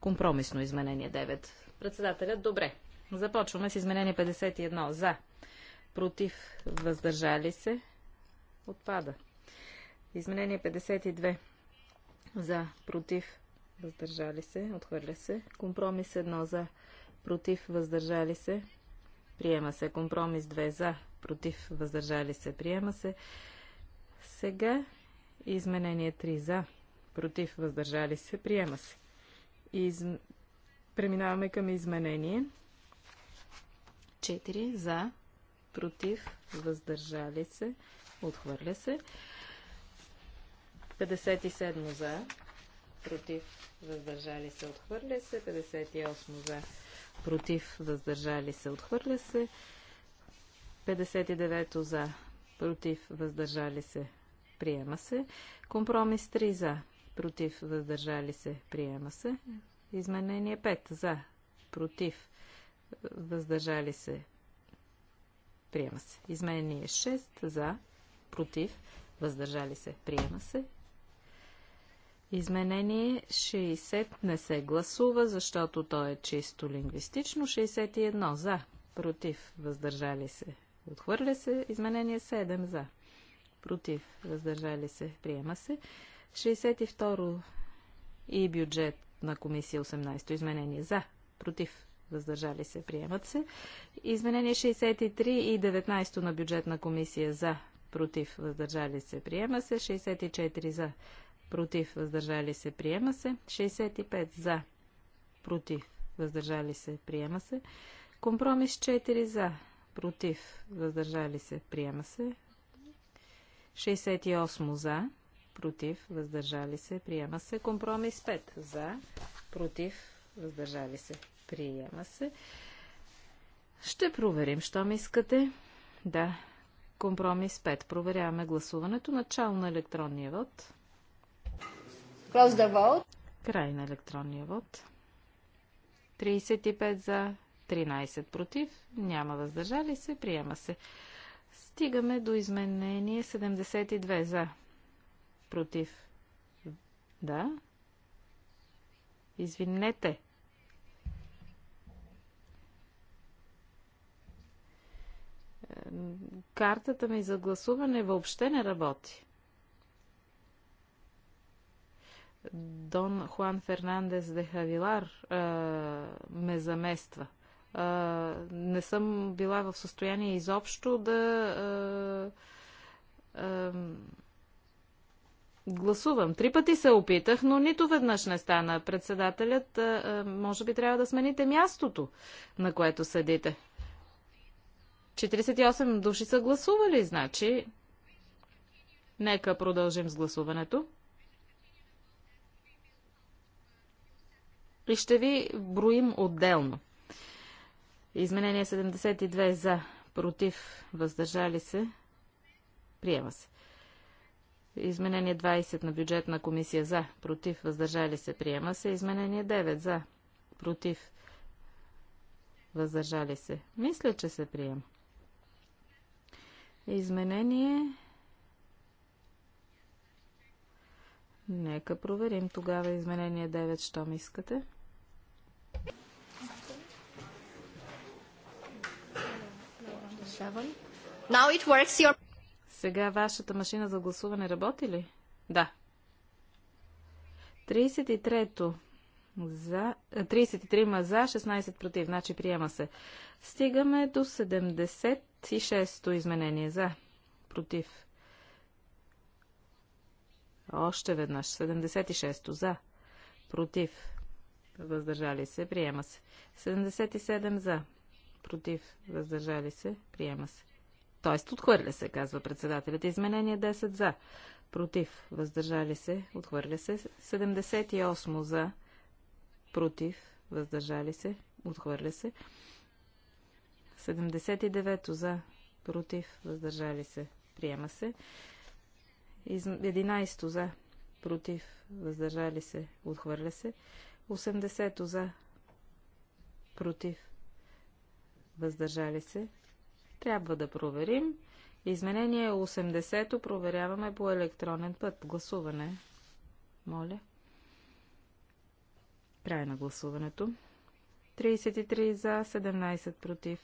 Компромисно изменение 9. Председателят, добре. Започваме с изменение 51. За. Против. Въздържали се. Отпада. Изменение 52. За, против, въздържали се, отхвърля се. Компромис 1 за, против, въздържали се, приема се. Компромис 2 за, против, въздържали се, приема се. Сега изменение 3 за, против, въздържали се, приема се. Из... Преминаваме към изменение. 4 за, против, въздържали се, отхвърля се. 57 за, против, въздържали се, отхвърля се. 58 за, против, въздържали се, отхвърля се. 59 за, против, въздържали се, приема се. Компромис 3 за, против, въздържали се, приема се. Изменение 5 за, против, въздържали се, приема се. Изменение 6 за, против, въздържали се, приема се. Изменение 60 не се гласува, защото то е чисто лингвистично. 61 за, против, въздържали се. Отхвърля се. Изменение 7 за, против, въздържали се. Приема се. 62 и бюджет на комисия 18 изменение за, против, въздържали се, приемат се. Изменение 63 и 19 на бюджетна комисия за, против, въздържали се, приема се. 64 за, против, въздържали се, приема се. 65 за, против, въздържали се, приема се. Компромис 4 за, против, въздържали се, приема се. 68 за, против, въздържали се, приема се. Компромис 5 за, против, въздържали се, приема се. Ще проверим, що ми искате. Да, компромис 5. Проверяваме гласуването. Начало на електронния вод. Close the vote. Край на електронния вод. 35 за, 13 против, няма въздържали се, приема се. Стигаме до изменение 72 за, против. Да. Извинете. Картата ми за гласуване въобще не работи. Дон Хуан Фернандес де Хавилар а, ме замества. А, не съм била в състояние изобщо да а, а, гласувам. Три пъти се опитах, но нито веднъж не стана. Председателят, а, може би трябва да смените мястото, на което седите. 48 души са гласували, значи. Нека продължим с гласуването. и ще ви броим отделно. Изменение 72 за, против, въздържали се, приема се. Изменение 20 на бюджетна комисия за, против, въздържали се, приема се. Изменение 9 за, против, въздържали се. Мисля, че се приема. Изменение. Нека проверим тогава изменение 9, щом искате. Now it works your... Сега вашата машина за гласуване работи ли? Да. 33-то. За, 33 е, ма за, 16 против. Значи приема се. Стигаме до 76-то изменение. За. Против. Още веднъж. 76-то. За. Против. Въздържали се. Приема се. 77 за против, въздържали се, приема се. Тоест, отхвърля се, казва председателят. Изменение 10 за, против, въздържали се, отхвърля се. 78 за, против, въздържали се, отхвърля се. 79 за, против, въздържали се, приема се. 11 за, против, въздържали се, отхвърля се. 80 за, против, въздържали се. Трябва да проверим. Изменение 80-то проверяваме по електронен път. Гласуване. Моля. Край на гласуването. 33 за, 17 против.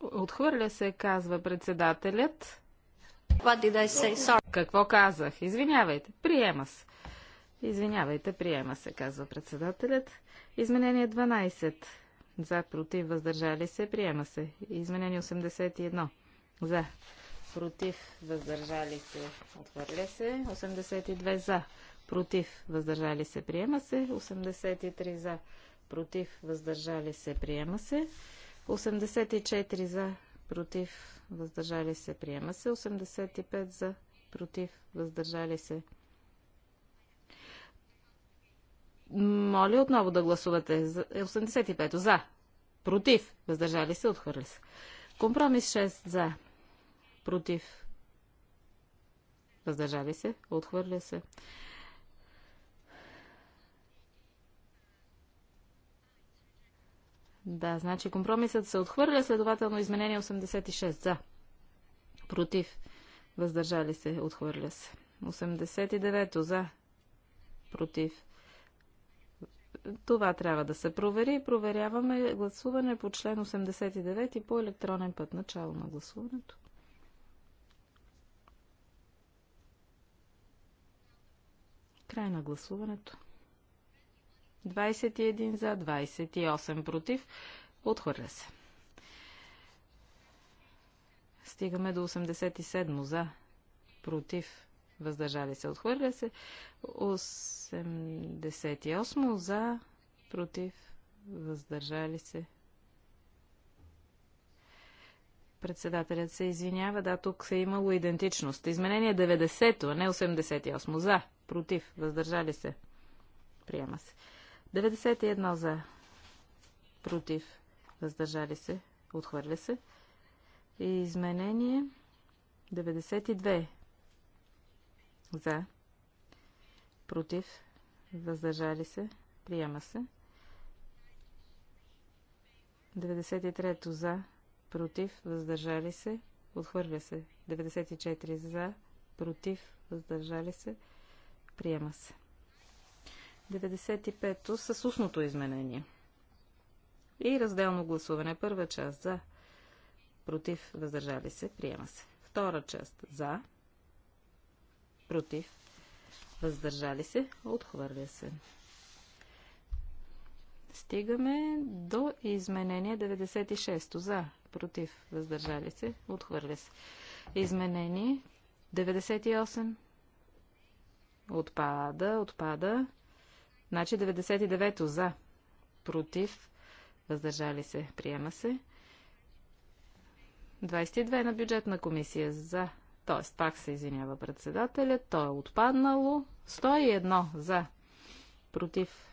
Отхвърля се, казва председателят. What did I say? Sorry. Какво казах? Извинявайте. Приема се. Извинявайте, приема се, казва председателят. Изменение 12. За, против, въздържали се, приема се. Изменение 81. За, против, въздържали се, отхвърля се. 82 за, против, въздържали се, приема се. 83 за, против, въздържали се, приема се. 84 за, против, въздържали се, приема се. 85 за, против, въздържали се, приема се. Моля отново да гласувате. 85 е, за. Против. Въздържали се. Отхвърля се. Компромис 6 за. Против. Въздържали се. Отхвърля се. Да, значи компромисът се отхвърля, следователно изменение 86 за. Против. Въздържали се. Отхвърля се. 89 за. Против. Това трябва да се провери. Проверяваме гласуване по член 89 и по електронен път. Начало на гласуването. Край на гласуването. 21 за, 28 против. Отхвърля се. Стигаме до 87 за, против въздържали се, отхвърля се. 88 за, против, въздържали се. Председателят се извинява, да, тук се е имало идентичност. Изменение 90-то, а не 88 за, против, въздържали се. Приема се. 91 за, против, въздържали се, отхвърля се. И изменение 92 за. Против. Въздържали се. Приема се. 93 за. Против. Въздържали се. Отхвърля се. 94 за. Против. Въздържали се. Приема се. 95-то с устното изменение. И разделно гласуване. Първа част за. Против. Въздържали се. Приема се. Втора част за против, въздържали се, отхвърля се. Стигаме до изменение 96 за, против, въздържали се, отхвърля се. Изменение 98 отпада, отпада. Значи 99 за, против, въздържали се, приема се. 22 на бюджетна комисия за, т.е. пак се извинява председателя, то е отпаднало. 101 за, против,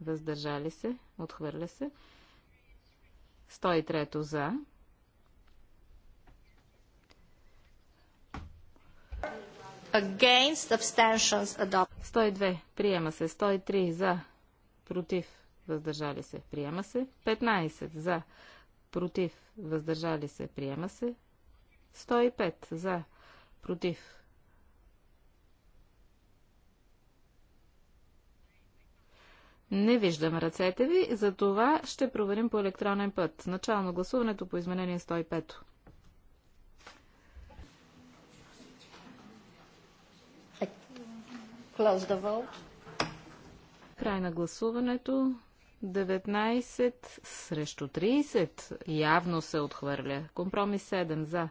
въздържали се, отхвърля се. 103 за. Against abstentions adopted. 102. Приема се. 103 за. Против. Въздържали се. Приема се. 15 за. Против. Въздържали се. Приема се. 105 за Против. Не виждам ръцете ви, за това ще проверим по електронен път. Начално гласуването по изменение 105. Край на гласуването. 19 срещу 30. Явно се отхвърля. Компромис 7 за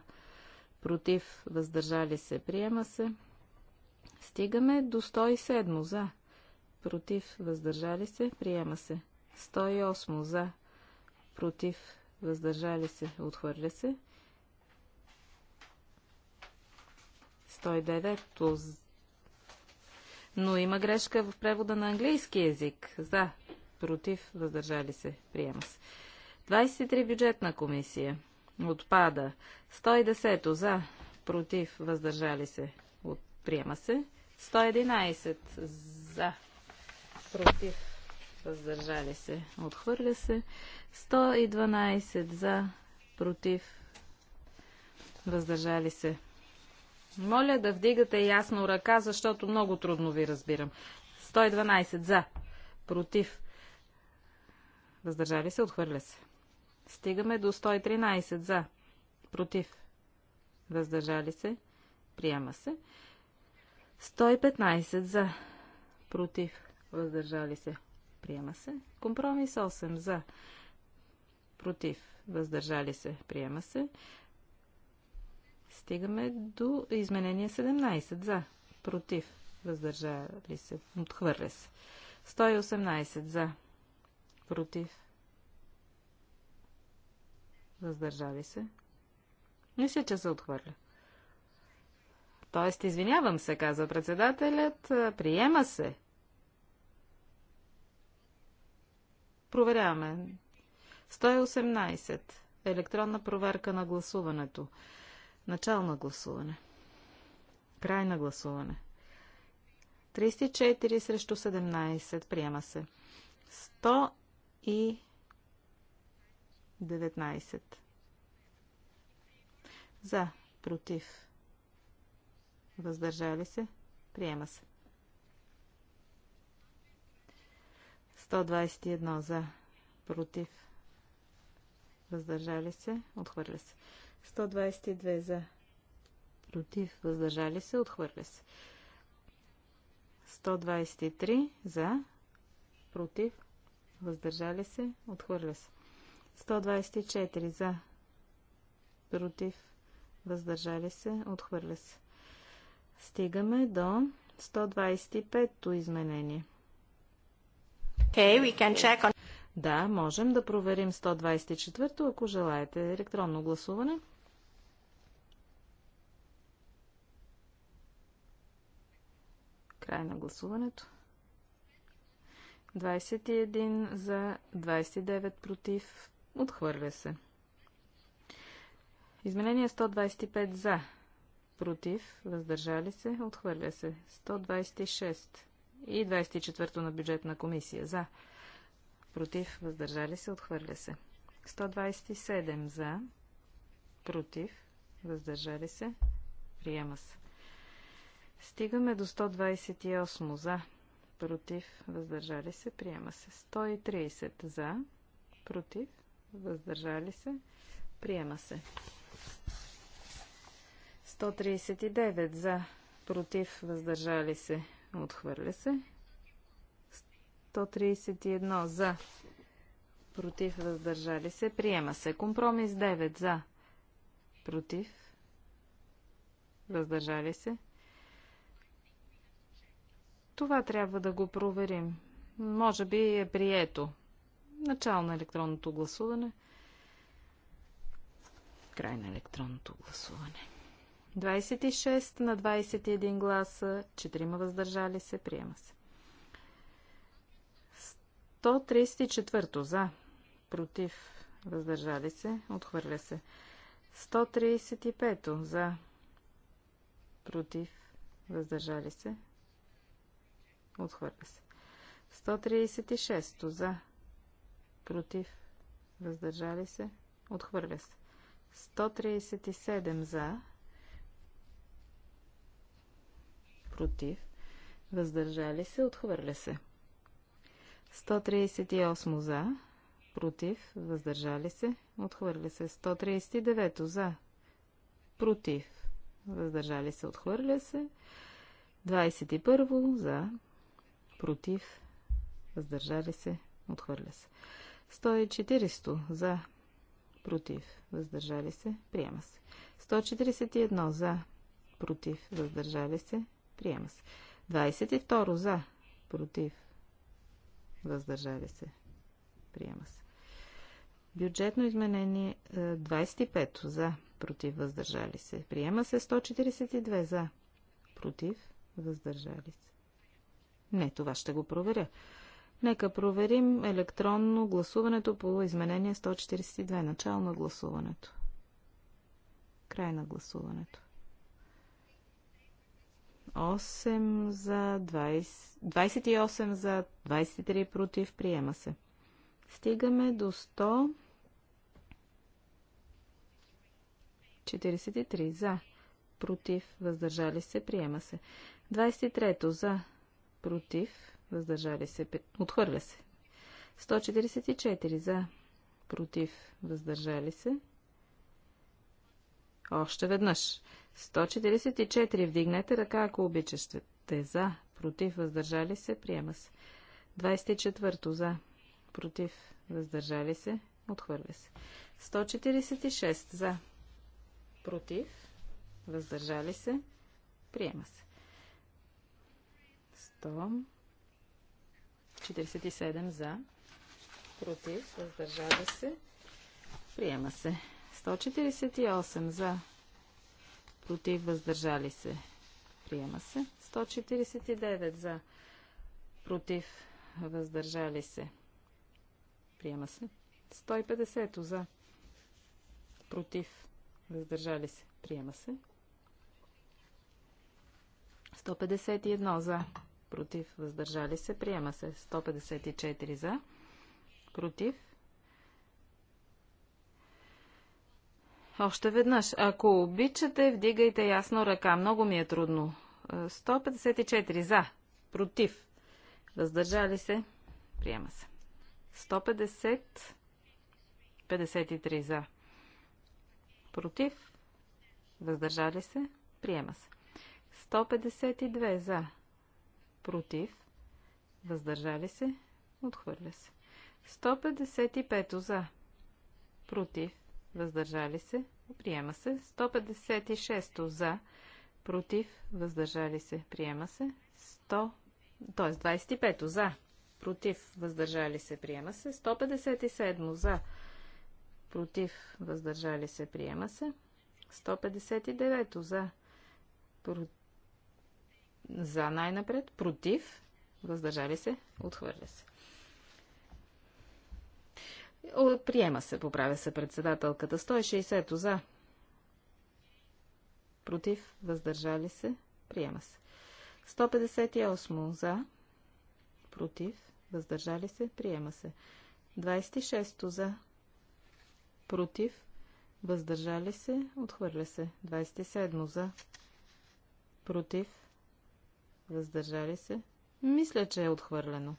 против, въздържали се, приема се. Стигаме до 107 за, против, въздържали се, приема се. 108 за, против, въздържали се, отхвърля се. 109 но има грешка в превода на английски язик. За, против, въздържали се, приема се. 23 бюджетна комисия. Отпада. 110 за. Против. Въздържали се. От... Приема се. 111 за. Против. Въздържали се. Отхвърля се. 112 за. Против. Въздържали се. Моля да вдигате ясно ръка, защото много трудно ви разбирам. 112 за. Против. Въздържали се. Отхвърля се. Стигаме до 113 за, против, въздържали се, приема се. 115 за, против, въздържали се, приема се. Компромис 8 за, против, въздържали се, приема се. Стигаме до изменение 17 за, против, въздържали се, отхвърля се. 118 за, против, Въздържали се. Мисля, че се отхвърля. Тоест, извинявам се, каза председателят. Приема се. Проверяваме. 118. Електронна проверка на гласуването. Начало на гласуване. Край на гласуване. 34 срещу 17. Приема се. 100 и 19. За, против, въздържали се, приема се. 121 за, против, въздържали се, отхвърля се. 122 за, против, въздържали се, отхвърля се. 123 за, против, въздържали се, отхвърля се. 124 за, против, въздържали се, отхвърля се. Стигаме до 125-то изменение. Okay, we can check on... Да, можем да проверим 124-то, ако желаете електронно гласуване. Край на гласуването. 21 за, 29 против, Отхвърля се. Изменение 125 за. Против. Въздържали се. Отхвърля се. 126 и 24 на бюджетна комисия. За. Против. Въздържали се. Отхвърля се. 127 за. Против. Въздържали се. Приема се. Стигаме до 128 за. Против. Въздържали се. Приема се. 130 за. Против въздържали се, приема се. 139 за, против, въздържали се, отхвърля се. 131 за, против, въздържали се, приема се. Компромис 9 за, против, въздържали се. Това трябва да го проверим. Може би е прието. Начало на електронното гласуване. Край на електронното гласуване. 26 на 21 гласа, 4 въздържали се, приема се. 134 за, против, въздържали се, отхвърля се. 135 за, против, въздържали се, отхвърля се. 136 за, против, въздържали се, отхвърля се. 137 за, против, въздържали се, отхвърля се. 138 за, против, въздържали се, отхвърля се. 139 за, против, въздържали се, отхвърля се. 21 за, против, въздържали се, отхвърля се. 140 за, против, въздържали се, приема се. 141 за, против, въздържали се, приема се. 22 за, против, въздържали се, приема се. Бюджетно изменение 25 е, за, против, въздържали се, приема се. 142 за, против, въздържали се. Не, това ще го проверя. Нека проверим електронно гласуването по изменение 142. Начало на гласуването. Край на гласуването. 8 за 20, 28 за 23 против. Приема се. Стигаме до 100. 43 за. Против. Въздържали се. Приема се. 23 за. Против въздържали се, отхвърля се. 144 за, против, въздържали се. Още веднъж. 144. Вдигнете ръка, ако обичащете. За, против, въздържали се, приема се. 24. За, против, въздържали се, отхвърля се. 146. За, против, въздържали се, приема се. 100. 47 за, против, въздържали се, приема се. 148 за, против, въздържали се, приема се. 149 за, против, въздържали се, приема се. 150 за, против, въздържали се, приема се. 151 за, против, въздържали се, приема се. 154 за, против. Още веднъж, ако обичате, вдигайте ясно ръка. Много ми е трудно. 154 за, против, въздържали се, приема се. 150, 53 за, против, въздържали се, приема се. 152 за, против, въздържали се, отхвърля се. 155 за, против, въздържали се, приема се. 156 за, против, въздържали се, приема се. 100, т.е. 25 за, против, въздържали се, приема се. 157 за, против, въздържали се, приема се. 159 за, против, за най-напред. Против. Въздържали се. Отхвърля се. Приема се, поправя се председателката. 160 за. Против. Въздържали се. Приема се. 158 за. Против. Въздържали се. Приема се. 26 за. Против. Въздържали се. Отхвърля се. 27 за. Против въздържали се. Мисля, че е отхвърлено.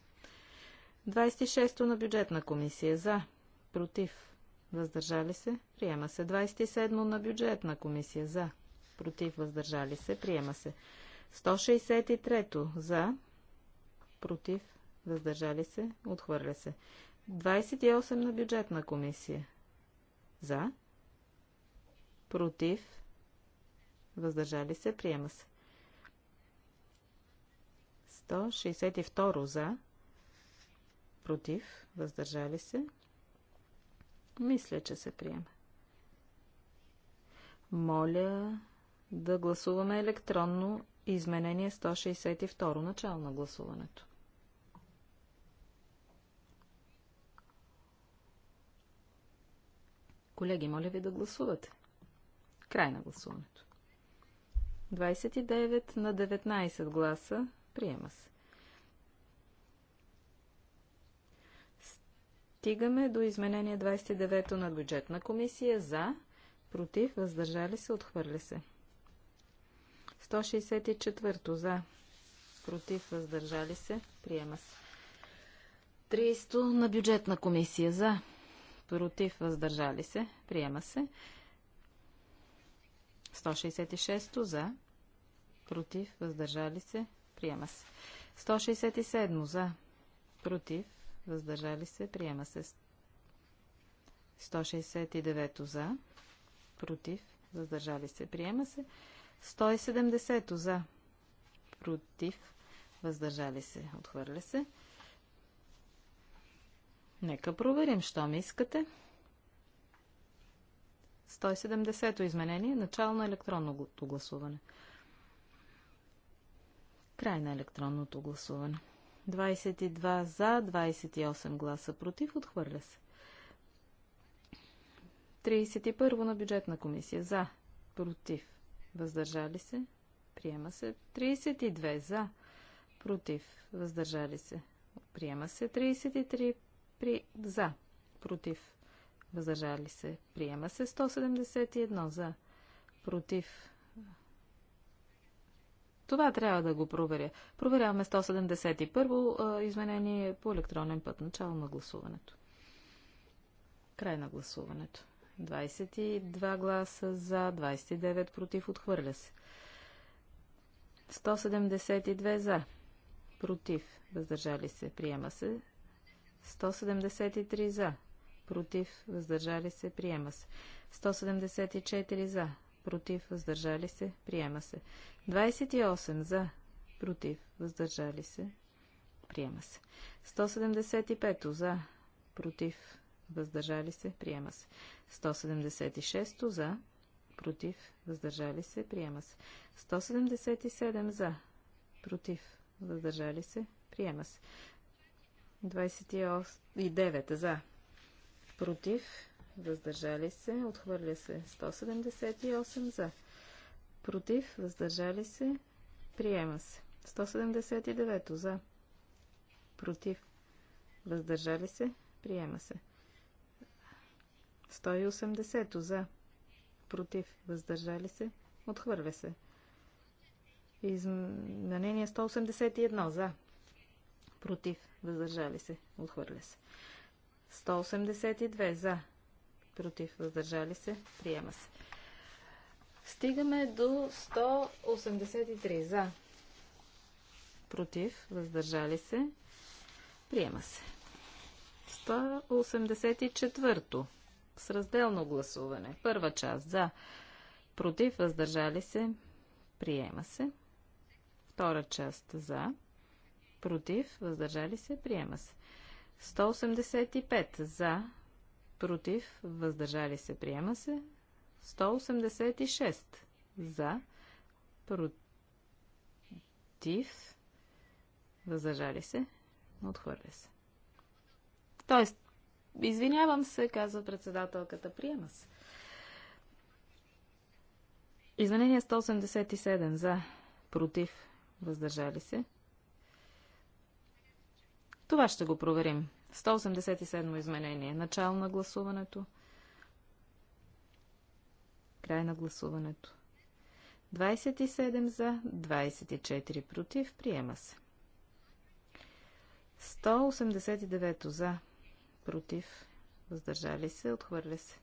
26-то на бюджетна комисия за, против, въздържали се, приема се. 27-то на бюджетна комисия за, против, въздържали се, приема се. 163-то за, против, въздържали се, отхвърля се. 28 на бюджетна комисия за, против, въздържали се, приема се. 162 за, против, въздържали се. Мисля, че се приема. Моля да гласуваме електронно изменение 162 начало на гласуването. Колеги, моля ви да гласувате. Край на гласуването. 29 на 19 гласа Приема се. Стигаме до изменение 29 на бюджетна комисия за, против, въздържали се, отхвърля се. 164 то за, против, въздържали се, приема се. 300 на бюджетна комисия за, против, въздържали се, приема се. 166 за, против, въздържали се, Приема се. 167 за. Против. Въздържали се. Приема се. 169 за. Против. Въздържали се. Приема се. 170 за. Против. Въздържали се. Отхвърля се. Нека проверим, що ми искате. 170-то изменение. Начало на електронното гласуване. Край на електронното гласуване. 22 за, 28 гласа против, отхвърля се. 31 на бюджетна комисия за, против, въздържали се, приема се. 32 за, против, въздържали се, приема се. 33 при, за, против, въздържали се, приема се. 171 за, против, това трябва да го проверя. Проверяваме 171 изменение по електронен път. Начало на гласуването. Край на гласуването. 22 гласа за, 29 против, отхвърля се. 172 за, против, въздържали се, приема се. 173 за, против, въздържали се, приема се. 174 за, против, въздържали се, приема се. 28 за, против, въздържали се, приема се. 175 за, против, въздържали се, приема се. 176 за, против, въздържали се, приема се. 177 за, против, въздържали се, приема се. 29 за, против, въздържали се, отхвърля се 178 за, против, въздържали се, приема се 179 за, против, въздържали се, приема се 180 за, против, въздържали се, отхвърля се изменение 181 за, против, въздържали се, отхвърля се 182 за, против, въздържали се, приема се. Стигаме до 183 за, против, въздържали се, приема се. 184 с разделно гласуване. Първа част за, против, въздържали се, приема се. Втора част за, против, въздържали се, приема се. 185 за, против, въздържали се, приема се. 186 за, против, въздържали се, отхвърля се. Тоест, извинявам се, казва председателката, приема се. Изменение 187 за, против, въздържали се. Това ще го проверим. 187 изменение. Начало на гласуването. Край на гласуването. 27 за, 24 против. Приема се. 189 за, против. Въздържали се, отхвърля се.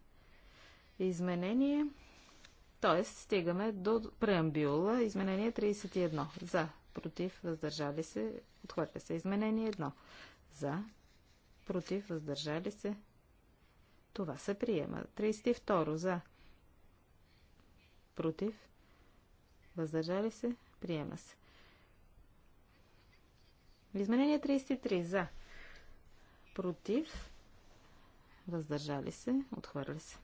Изменение. Тоест, стигаме до преамбюла. Изменение 31. За, против, въздържали се, отхвърля се. Изменение 1. За, против, въздържали се. Това се приема. 32 за, против, въздържали се, приема се. Изменение 33 за, против, въздържали се, отхвърли се.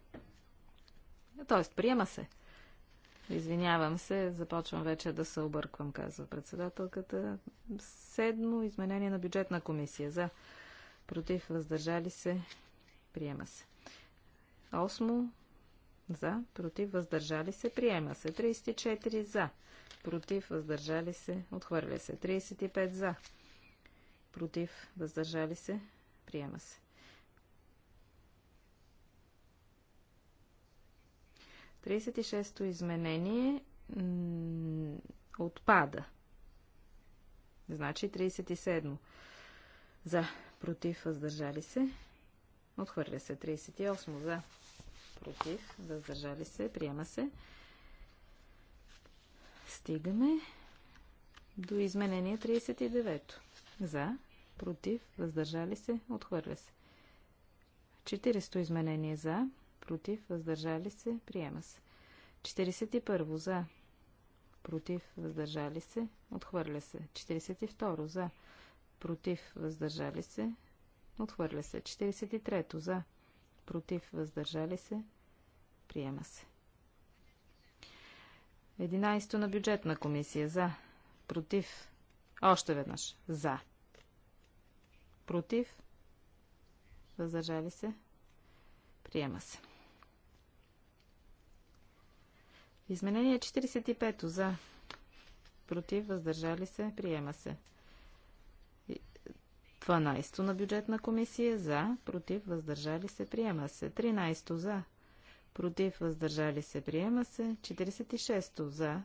Тоест, приема се. Извинявам се, започвам вече да се обърквам, казва председателката. Седмо изменение на бюджетна комисия за против, въздържали се, приема се. Осмо, за, против, въздържали се, приема се. 34 за, против, въздържали се, отхвърля се. 35 за, против, въздържали се, приема се. 36 то изменение отпада. Значи 37. За, против, въздържали се. Отхвърля се 38 за, против, въздържали се, приема се. Стигаме до изменение 39. За, против, въздържали се, отхвърля се. 40 изменение за, против, въздържали се, приема се. 41 за, против, въздържали се, отхвърля се. 42 за, против, въздържали се, отхвърля се. 43-то за, против, въздържали се, приема се. 11-то на бюджетна комисия за, против, още веднъж, за, против, въздържали се, приема се. Изменение 45 за, против, въздържали се, приема се. 12 на бюджетна комисия за, против, въздържали се, приема се. 13 за, против, въздържали се, приема се. 46 за,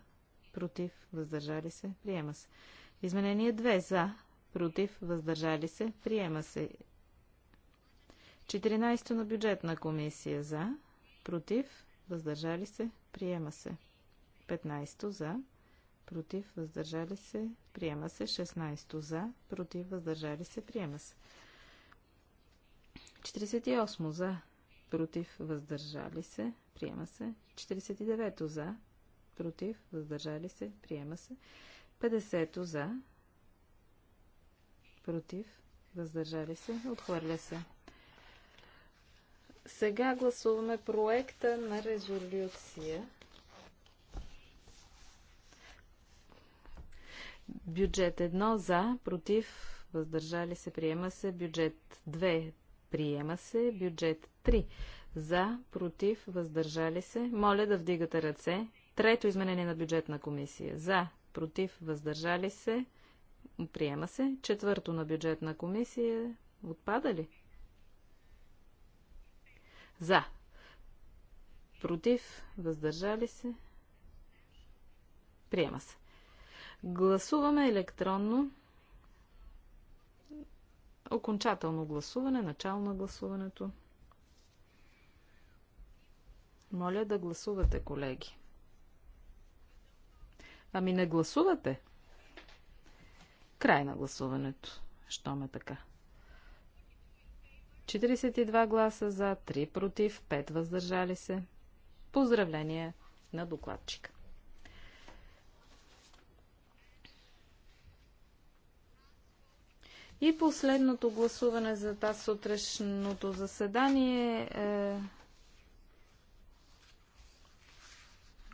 против, въздържали се, приема се. Изменение 2 за, против, въздържали се, приема се. 14 на бюджетна комисия за, против, въздържали се, приема се. 15 за, против, въздържали се, приема се. 16 за, против, въздържали се, приема се. 48 за, против, въздържали се, приема се. 49 за, против, въздържали се, приема се. 50 за, против, въздържали се, отхвърля се. Сега гласуваме проекта на резолюция. Бюджет 1 за, против, въздържали се, приема се. Бюджет 2 приема се. Бюджет 3 за, против, въздържали се. Моля да вдигате ръце. Трето изменение на бюджетна комисия. За, против, въздържали се. Приема се. Четвърто на бюджетна комисия. Отпада ли? За. Против, въздържали се. Приема се. Гласуваме електронно. Окончателно гласуване, начало на гласуването. Моля да гласувате, колеги. Ами не гласувате? Край на гласуването. Що ме така? 42 гласа за, 3 против, 5 въздържали се. Поздравление на докладчика. И последното гласуване за тази сутрешното заседание е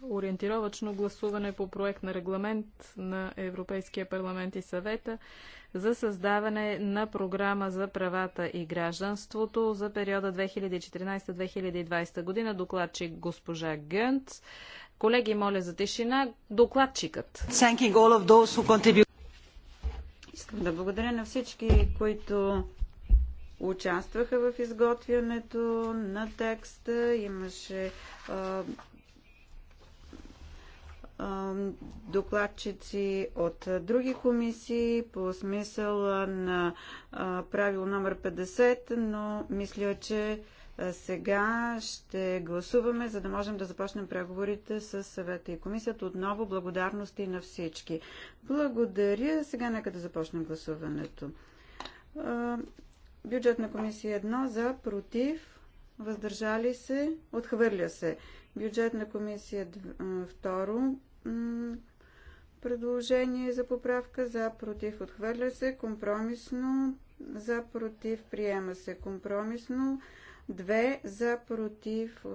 ориентировачно гласуване по проект на регламент на Европейския парламент и съвета за създаване на програма за правата и гражданството за периода 2014-2020 година. Докладчик госпожа Гънц. Колеги, моля за тишина. Докладчикът. Искам да благодаря на всички, които участваха в изготвянето на текста. Имаше а, а, докладчици от други комисии по смисъла на а, правил номер 50, но мисля, че сега ще гласуваме, за да можем да започнем преговорите с съвета и комисията. Отново благодарности на всички. Благодаря. Сега нека да започнем гласуването. Бюджет на комисия 1 за, против, въздържали се, отхвърля се. Бюджет на комисия 2 предложение за поправка за, против, отхвърля се. Компромисно за, против, приема се. Компромисно 2 за против.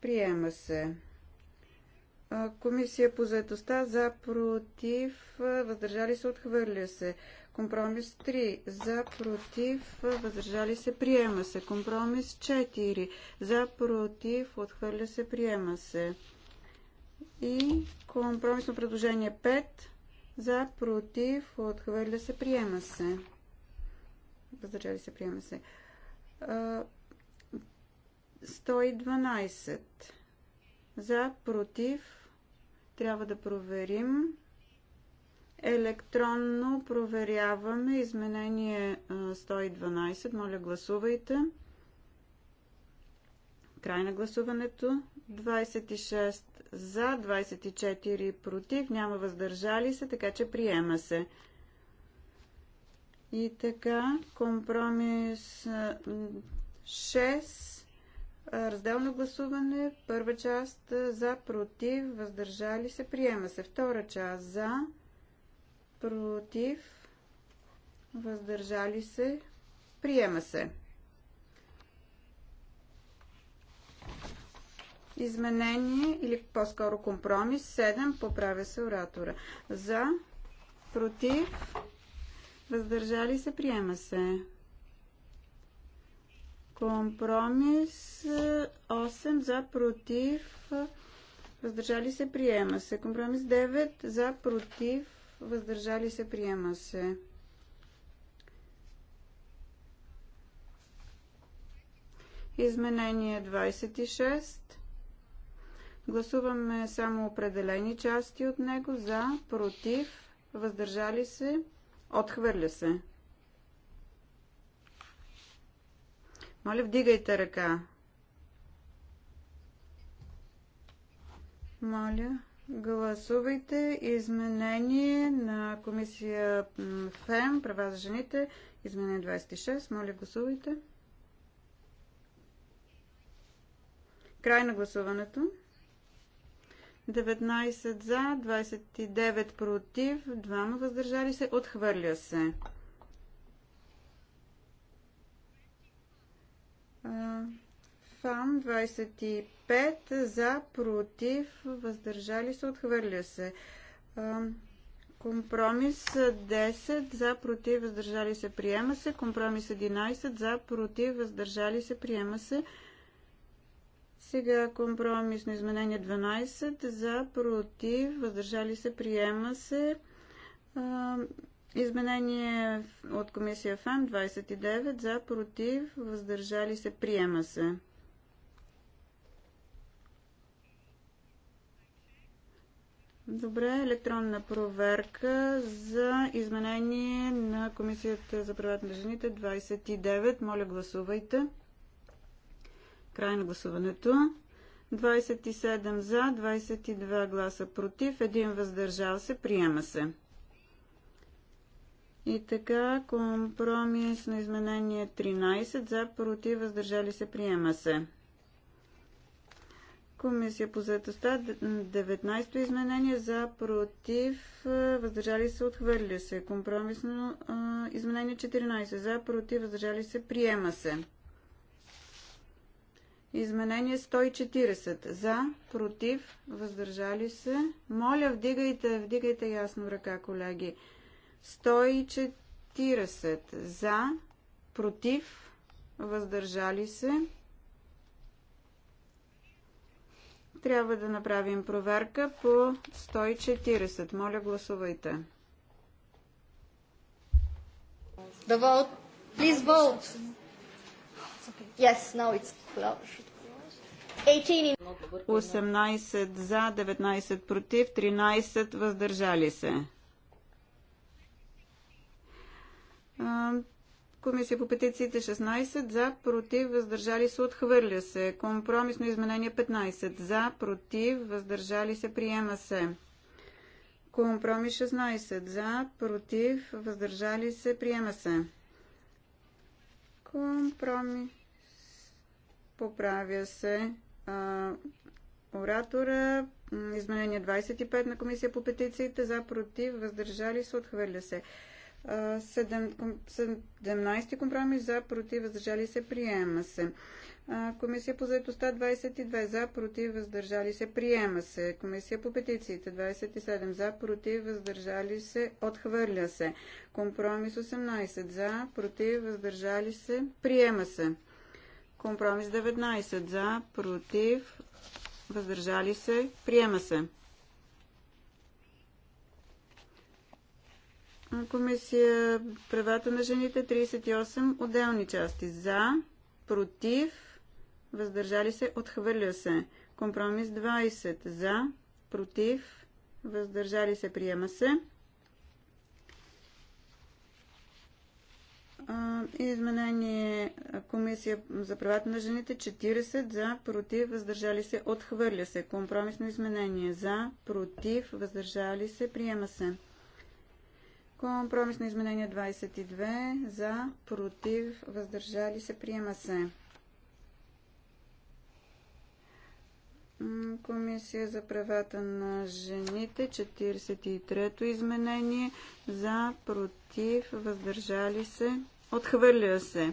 Приема се. Комисия по заедостта за против. Въздържали се. Отхвърля се. Компромис 3. За, против, въздържали се, приема се. Компромис 4. За, против, отхвърля се, приема се. И компромисно предложение 5. За, против, отхвърля се, приема се въздържали се, приема се. 112 за, против, трябва да проверим. Електронно проверяваме изменение 112. Моля, гласувайте. Край на гласуването. 26 за, 24 против, няма въздържали се, така че приема се. И така, компромис 6, разделно гласуване, първа част за, против, въздържали се, приема се. Втора част за, против, въздържали се, приема се. Изменение или по-скоро компромис 7, поправя се оратора. За, против, Въздържали се, приема се. Компромис 8 за против. Въздържали се, приема се. Компромис 9 за против. Въздържали се, приема се. Изменение 26. Гласуваме само определени части от него за, против, въздържали се, Отхвърля се. Моля, вдигайте ръка. Моля, гласувайте изменение на комисия ФЕМ, права за жените, изменение 26. Моля, гласувайте. Край на гласуването. 19 за, 29 против, 2 въздържали се, отхвърля се. ФАМ 25 за, против, въздържали се, отхвърля се. Компромис 10 за, против, въздържали се, приема се. Компромис 11 за, против, въздържали се, приема се. Сега компромисно изменение 12 за, против, въздържали се, приема се. Изменение от комисия ФАМ 29 за, против, въздържали се, приема се. Добре, електронна проверка за изменение на Комисията за правата на жените 29. Моля, гласувайте. Край на гласуването. 27 за, 22 гласа против, 1 въздържал се, приема се. И така, компромис на изменение 13 за, против, въздържали се, приема се. Комисия по заедостта 19-то изменение за, против, въздържали се, отхвърля се. Компромисно а, изменение 14 за, против, въздържали се, приема се. Изменение 140. За, против, въздържали се. Моля, вдигайте, вдигайте ясно ръка, колеги. 140. За, против, въздържали се. Трябва да направим проверка по 140. Моля, гласувайте. The vote. Please vote. Yes, now it's closed. 18 за, 19 против, 13 въздържали се. Комисия по петициите 16 за, против, въздържали се, отхвърля се. Компромисно изменение 15 за, против, въздържали се, приема се. Компромис 16 за, против, въздържали се, приема се. Компромис. Поправя се оратора. Изменение 25 на комисия по петициите за против, въздържали се, отхвърля се. 17 компромис за против, въздържали се, приема се. Комисия по заедостта 22 за против, въздържали се, приема се. Комисия по петициите 27 за против, въздържали се, отхвърля се. Компромис 18 за против, въздържали се, приема се. Компромис 19 за, против, въздържали се, приема се. Комисия правата на жените 38 отделни части за, против, въздържали се, отхвърля се. Компромис 20 за, против, въздържали се, приема се. изменение Комисия за правата на жените 40 за, против, въздържали се, отхвърля се. Компромисно изменение за, против, въздържали се, приема се. Компромисно изменение 22 за, против, въздържали се, приема се. Комисия за правата на жените, 43-то изменение за, против, въздържали се, Отхвърля се.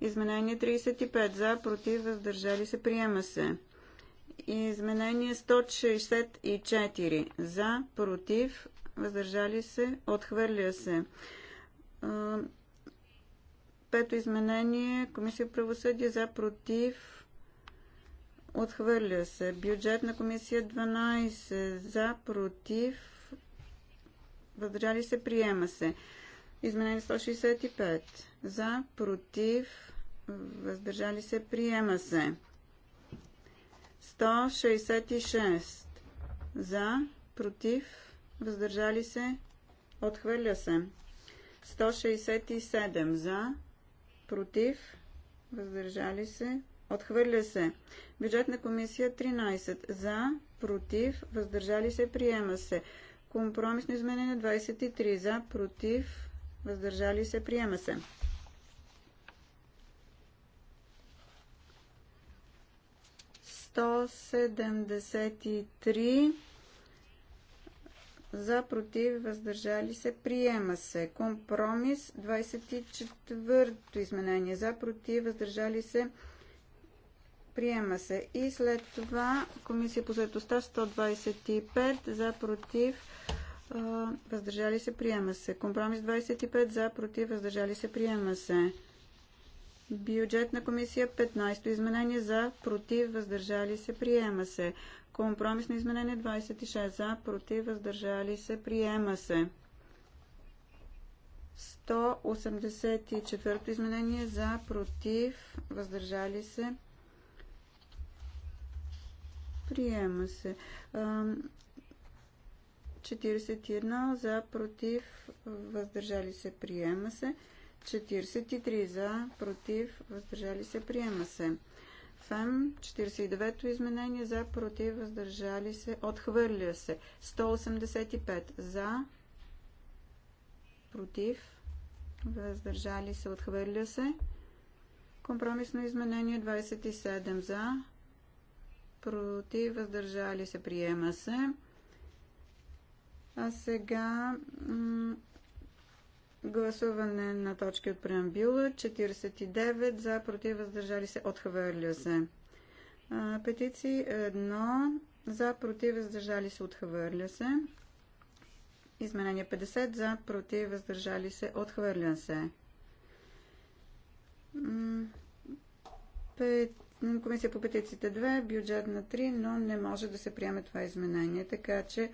Изменение 35 за, против, въздържали се, приема се. Изменение 164 за, против, въздържали се, отхвърля се. Пето изменение, Комисия правосъдие за, против, отхвърля се. Бюджет на комисия 12 за, против, въздържали се, приема се. Изменение 165. За, против, въздържали се, приема се. 166. За, против, въздържали се, отхвърля се. 167. За, против, въздържали се, отхвърля се. Бюджетна комисия 13. За, против, въздържали се, приема се. Компромисно изменение 23. За, против, въздържали се, приема се. Сто за, против, въздържали се, приема се. Компромис 24-то изменение. За, против, въздържали се, приема се. И след това Комисия по заедостта 125 за, против, въздържали се, приема се. Компромис 25 за, против, въздържали се, приема се. Бюджетна комисия 15 изменение за, против, въздържали се, приема се. Компромисно изменение 26 за, против, въздържали се, приема се. 184 изменение за, против, въздържали се, приема се. 41 за, против, въздържали се, приема се. 43 за, против, въздържали се, приема се. ФЕМ 49-то изменение за, против, въздържали се, отхвърля се. 185 за, против, въздържали се, отхвърля се. Компромисно изменение 27 за, против, въздържали се, приема се. А сега гласуване на точки от преамбюла. 49 за, против, въздържали се, отхвърля се. Петиции 1 за, против, въздържали се, отхвърля се. Изменение 50 за, против, въздържали се, отхвърля се. Пет... Комисия по петициите 2, бюджет на 3, но не може да се приеме това изменение. Така че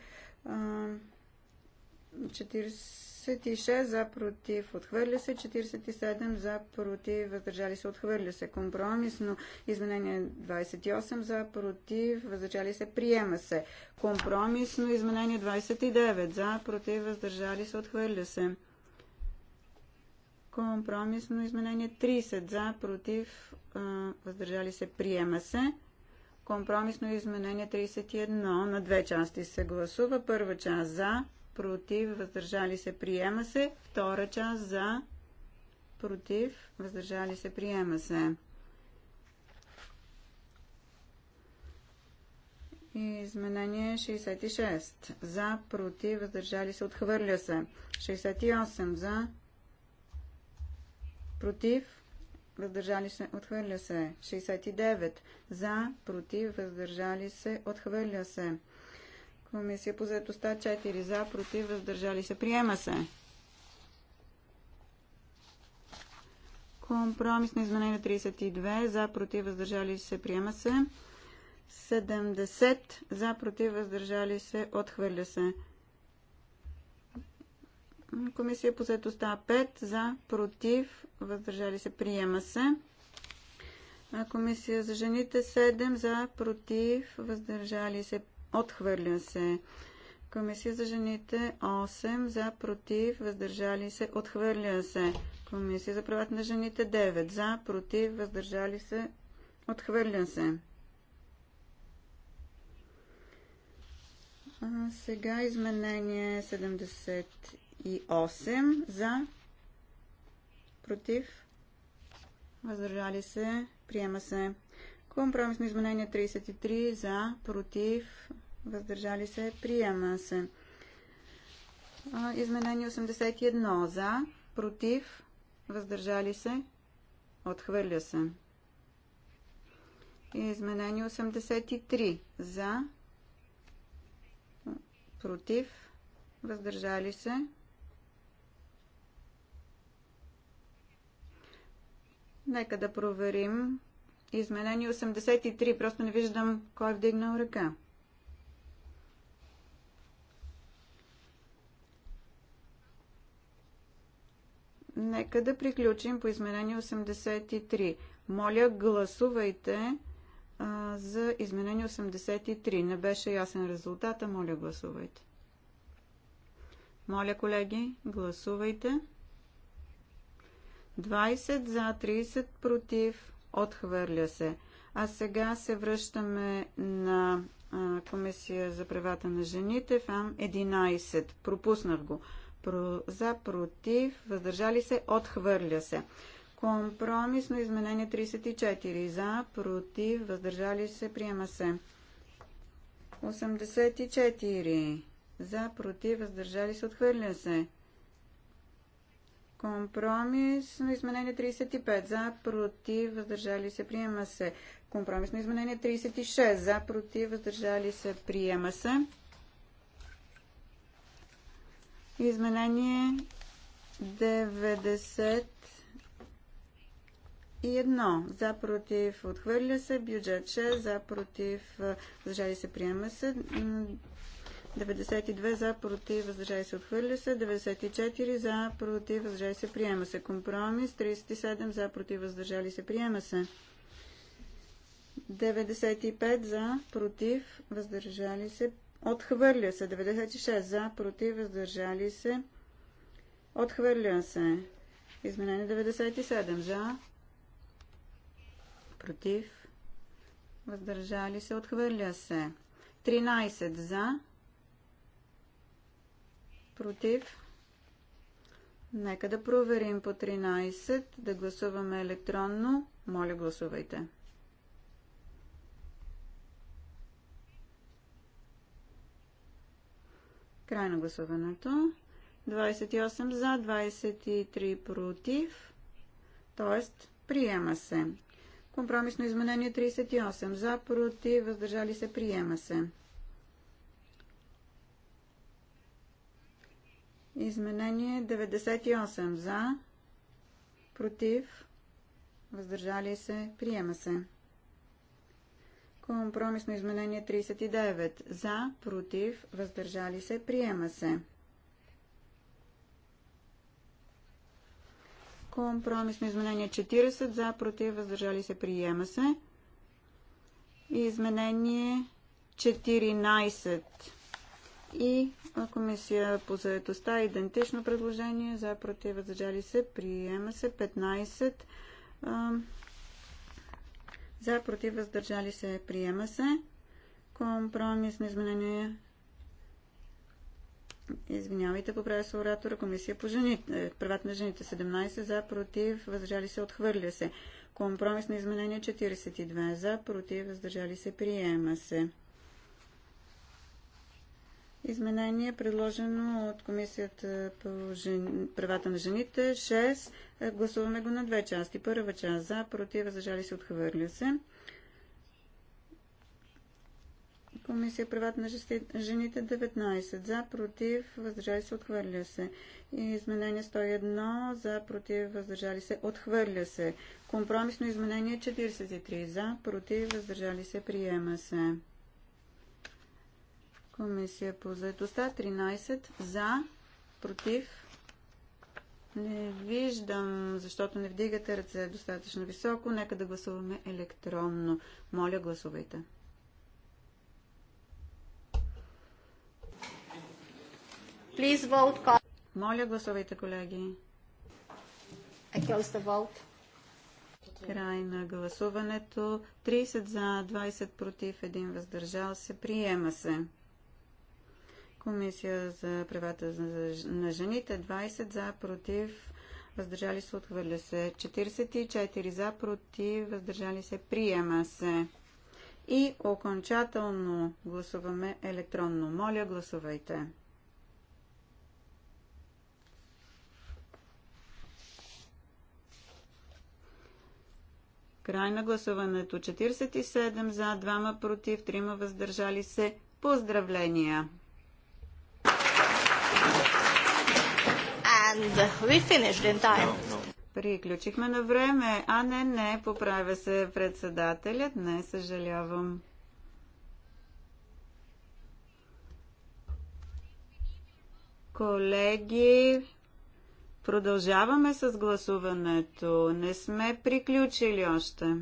46 за против отхвърля се, 47 за против въздържали се отхвърля се. Компромисно изменение 28 за против въздържали се приема се. Компромисно изменение 29 за против въздържали се отхвърля се. Компромисно изменение 30 за против въздържали се приема се. Компромисно изменение 31 на две части се гласува. Първа част за против, въздържали се, приема се. Втора част за, против, въздържали се, приема се. Изменение 66. За, против, въздържали се, отхвърля се. 68. За, против, въздържали се, отхвърля се. 69. За, против, въздържали се, отхвърля се. Комисия по заедостта 4 за, против, въздържали се. Приема се. Компромис на изменение 32 за, против, въздържали се. Приема се. 70 за, против, въздържали се. Отхвърля се. Комисия по заедостта 5 за, против, въздържали се. Приема се. Комисия за жените 7 за, против, въздържали се, Отхвърля се. Комисия за жените 8 за, против, въздържали се, отхвърля се. Комисия за правата на жените 9 за, против, въздържали се, отхвърля се. А сега изменение 78 за, против, въздържали се, приема се. Компромисно изменение 33 за, против, въздържали се, приема се. Изменение 81 за, против, въздържали се, отхвърля се. Изменение 83 за, против, въздържали се. Нека да проверим. Изменение 83. Просто не виждам кой е вдигнал ръка. Нека да приключим по изменение 83. Моля, гласувайте а, за изменение 83. Не беше ясен резултата. Моля, гласувайте. Моля, колеги, гласувайте. 20 за, 30 против. Отхвърля се. А сега се връщаме на а, Комисия за правата на жените. ФАМ 11. Пропуснах го. Про, за, против, въздържали се, отхвърля се. Компромисно изменение 34. За, против, въздържали се, приема се. 84. За, против, въздържали се, отхвърля се. Компромисно изменение 35. За, против, въздържали се, приема се. Компромисно изменение 36. За, против, въздържали се, приема се. Изменение 91 за против отхвърля се, бюджет 6 за против въздържали се приема се, 92 за против въздържали се отхвърля се, 94 за против въздържали се приема се, компромис 37 за против въздържали се приема се. 95 за, против, въздържали се, Отхвърля се. 96 за, против, въздържали се. Отхвърля се. Изменение 97 за, против, въздържали се. Отхвърля се. 13 за, против. Нека да проверим по 13, да гласуваме електронно. Моля, гласувайте. Край на гласуването. 28 за, 23 против. Тоест, приема се. Компромисно изменение 38 за, против, въздържали се, приема се. Изменение 98 за, против, въздържали се, приема се. Компромисно изменение 39. За, против, въздържали се, приема се. Компромисно изменение 40. За, против, въздържали се, приема се. Изменение 14. И комисия по заедостта идентично предложение. За, против, въздържали се, приема се. 15 за, против, въздържали се, приема се. Компромисно изменение. Извинявайте, поправя се оратора. Комисия по жените. Правата на жените 17 за, против, въздържали се, отхвърля се. Компромисно изменение 42 за, против, въздържали се, приема се. Изменение предложено от Комисията по жен... правата на жените. 6. Гласуваме го на две части. Първа част за, против, въздържали се, отхвърля се. Комисия правата на жените 19 за, против, въздържали се, отхвърля се. Изменение 101 за, против, въздържали се, отхвърля се. Компромисно изменение 43 за, против, въздържали се, приема се. Комисия по заедостта 13 за, против. Не виждам, защото не вдигате ръце достатъчно високо. Нека да гласуваме електронно. Моля, гласувайте. Please vote. Моля, гласувайте, колеги. I close the vote. Край на гласуването. 30 за, 20 против, 1 въздържал се. Приема се. Комисия за правата на жените 20 за, против, въздържали се, отхвърля се. 44 за, против, въздържали се, приема се. И окончателно гласуваме електронно. Моля, гласувайте. Край на гласуването 47 за, 2 против, 3 въздържали се. Поздравления! Приключихме на време. А, не, не, поправя се председателят. Не, съжалявам. Колеги, продължаваме с гласуването. Не сме приключили още.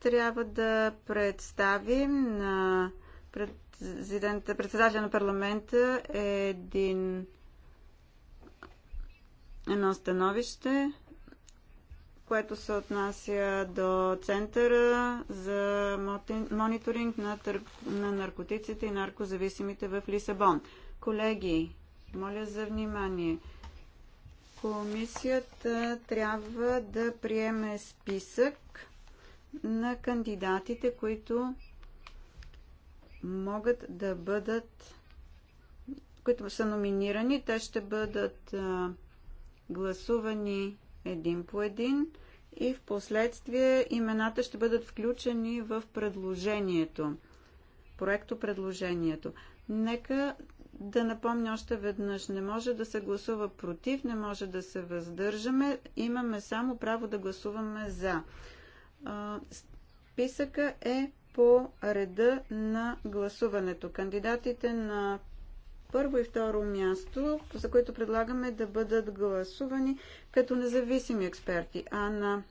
трябва да представим на пред президента, председателя на парламента е един едно становище, което се отнася до Центъра за мониторинг на, тър... на наркотиците и наркозависимите в Лисабон. Колеги, моля за внимание. Комисията трябва да приеме списък на кандидатите, които могат да бъдат, които са номинирани, те ще бъдат а, гласувани един по един и в последствие имената ще бъдат включени в предложението, проекто предложението. Нека да напомня още веднъж, не може да се гласува против, не може да се въздържаме, имаме само право да гласуваме за. А, списъка е по реда на гласуването. Кандидатите на първо и второ място, за които предлагаме да бъдат гласувани като независими експерти, а на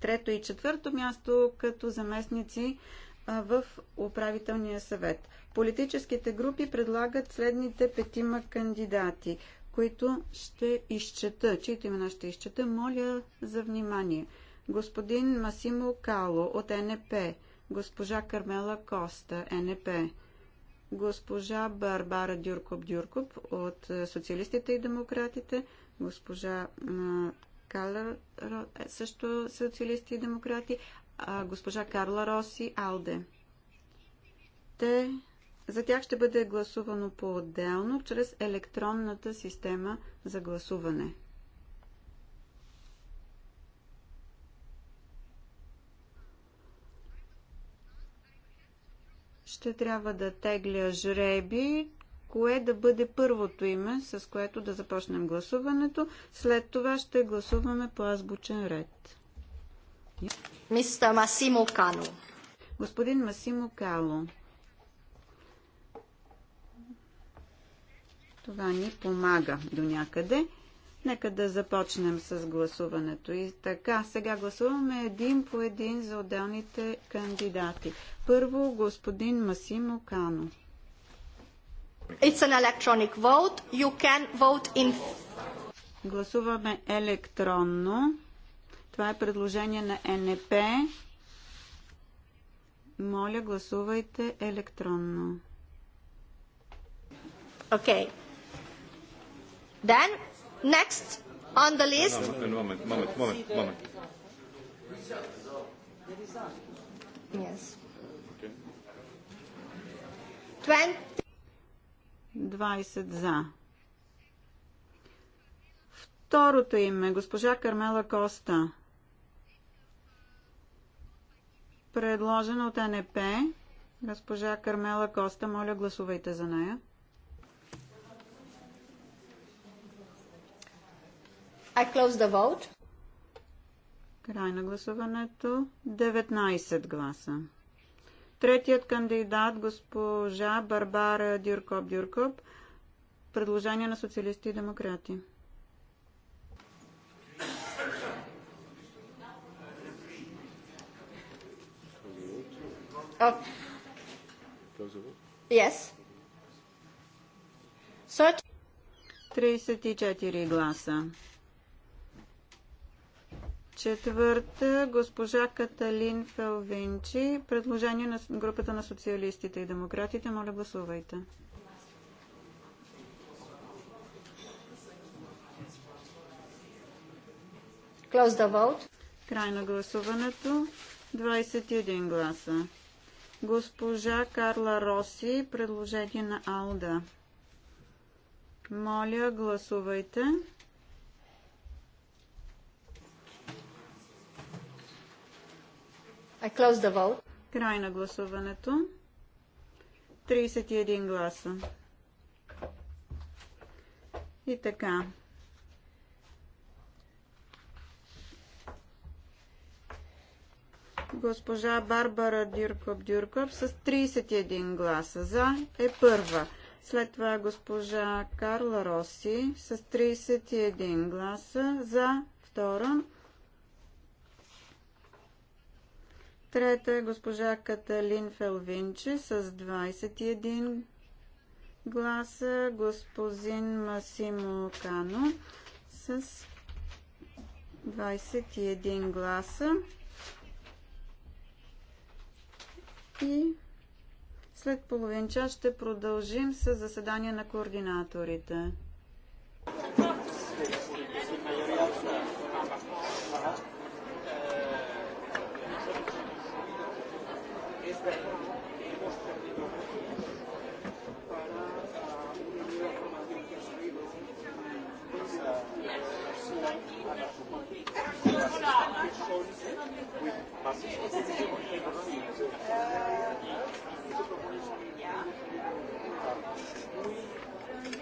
трето и четвърто място като заместници в управителния съвет. Политическите групи предлагат следните петима кандидати, които ще изчета, чието имена ще изчета, моля за внимание. Господин Масимо Кало от НП, госпожа Кармела Коста, НП, госпожа Барбара Дюркоп-Дюркоп от е, Социалистите и Демократите, госпожа е, Калер, е, също Социалисти и Демократи, а госпожа Карла Роси, Алде. Те, за тях ще бъде гласувано по-отделно чрез електронната система за гласуване. ще трябва да тегля жреби, кое да бъде първото име, с което да започнем гласуването. След това ще гласуваме по азбучен ред. Мистер Масимо Кало. Господин Масимо Кало. Това ни помага до някъде. Нека да започнем с гласуването. И така, сега гласуваме един по един за отделните кандидати. Първо, господин Масимо Кано. It's an electronic vote. You can vote in... Гласуваме електронно. Това е предложение на НП. Моля, гласувайте електронно. Okay. Then Next on the list. Moment, moment, moment, moment. Yes. 20 за. Второто име, госпожа Кармела Коста. Предложена от НП. Госпожа Кармела Коста, моля гласувайте за нея. I close the vote. Край на гласуването. 19 гласа. Третият кандидат, госпожа Барбара Дюркоп-Дюркоп, предложение на социалисти и демократи. Oh. Yes. 34 гласа. Четвърта, госпожа Каталин Фелвинчи. Предложение на групата на социалистите и демократите. Моля, гласувайте. Close the vote. Край на гласуването. 21 гласа. Госпожа Карла Роси, предложение на Алда. Моля, гласувайте. I close the vote. Край на гласуването. 31 гласа. И така. Госпожа Барбара Дюркоп-Дюркоп с 31 гласа за е първа. След това госпожа Карла Роси с 31 гласа за втора. Трета е госпожа Каталин Фелвинче с 21 гласа, господин Масимо Кано с 21 гласа. И след половин час ще продължим с заседание на координаторите.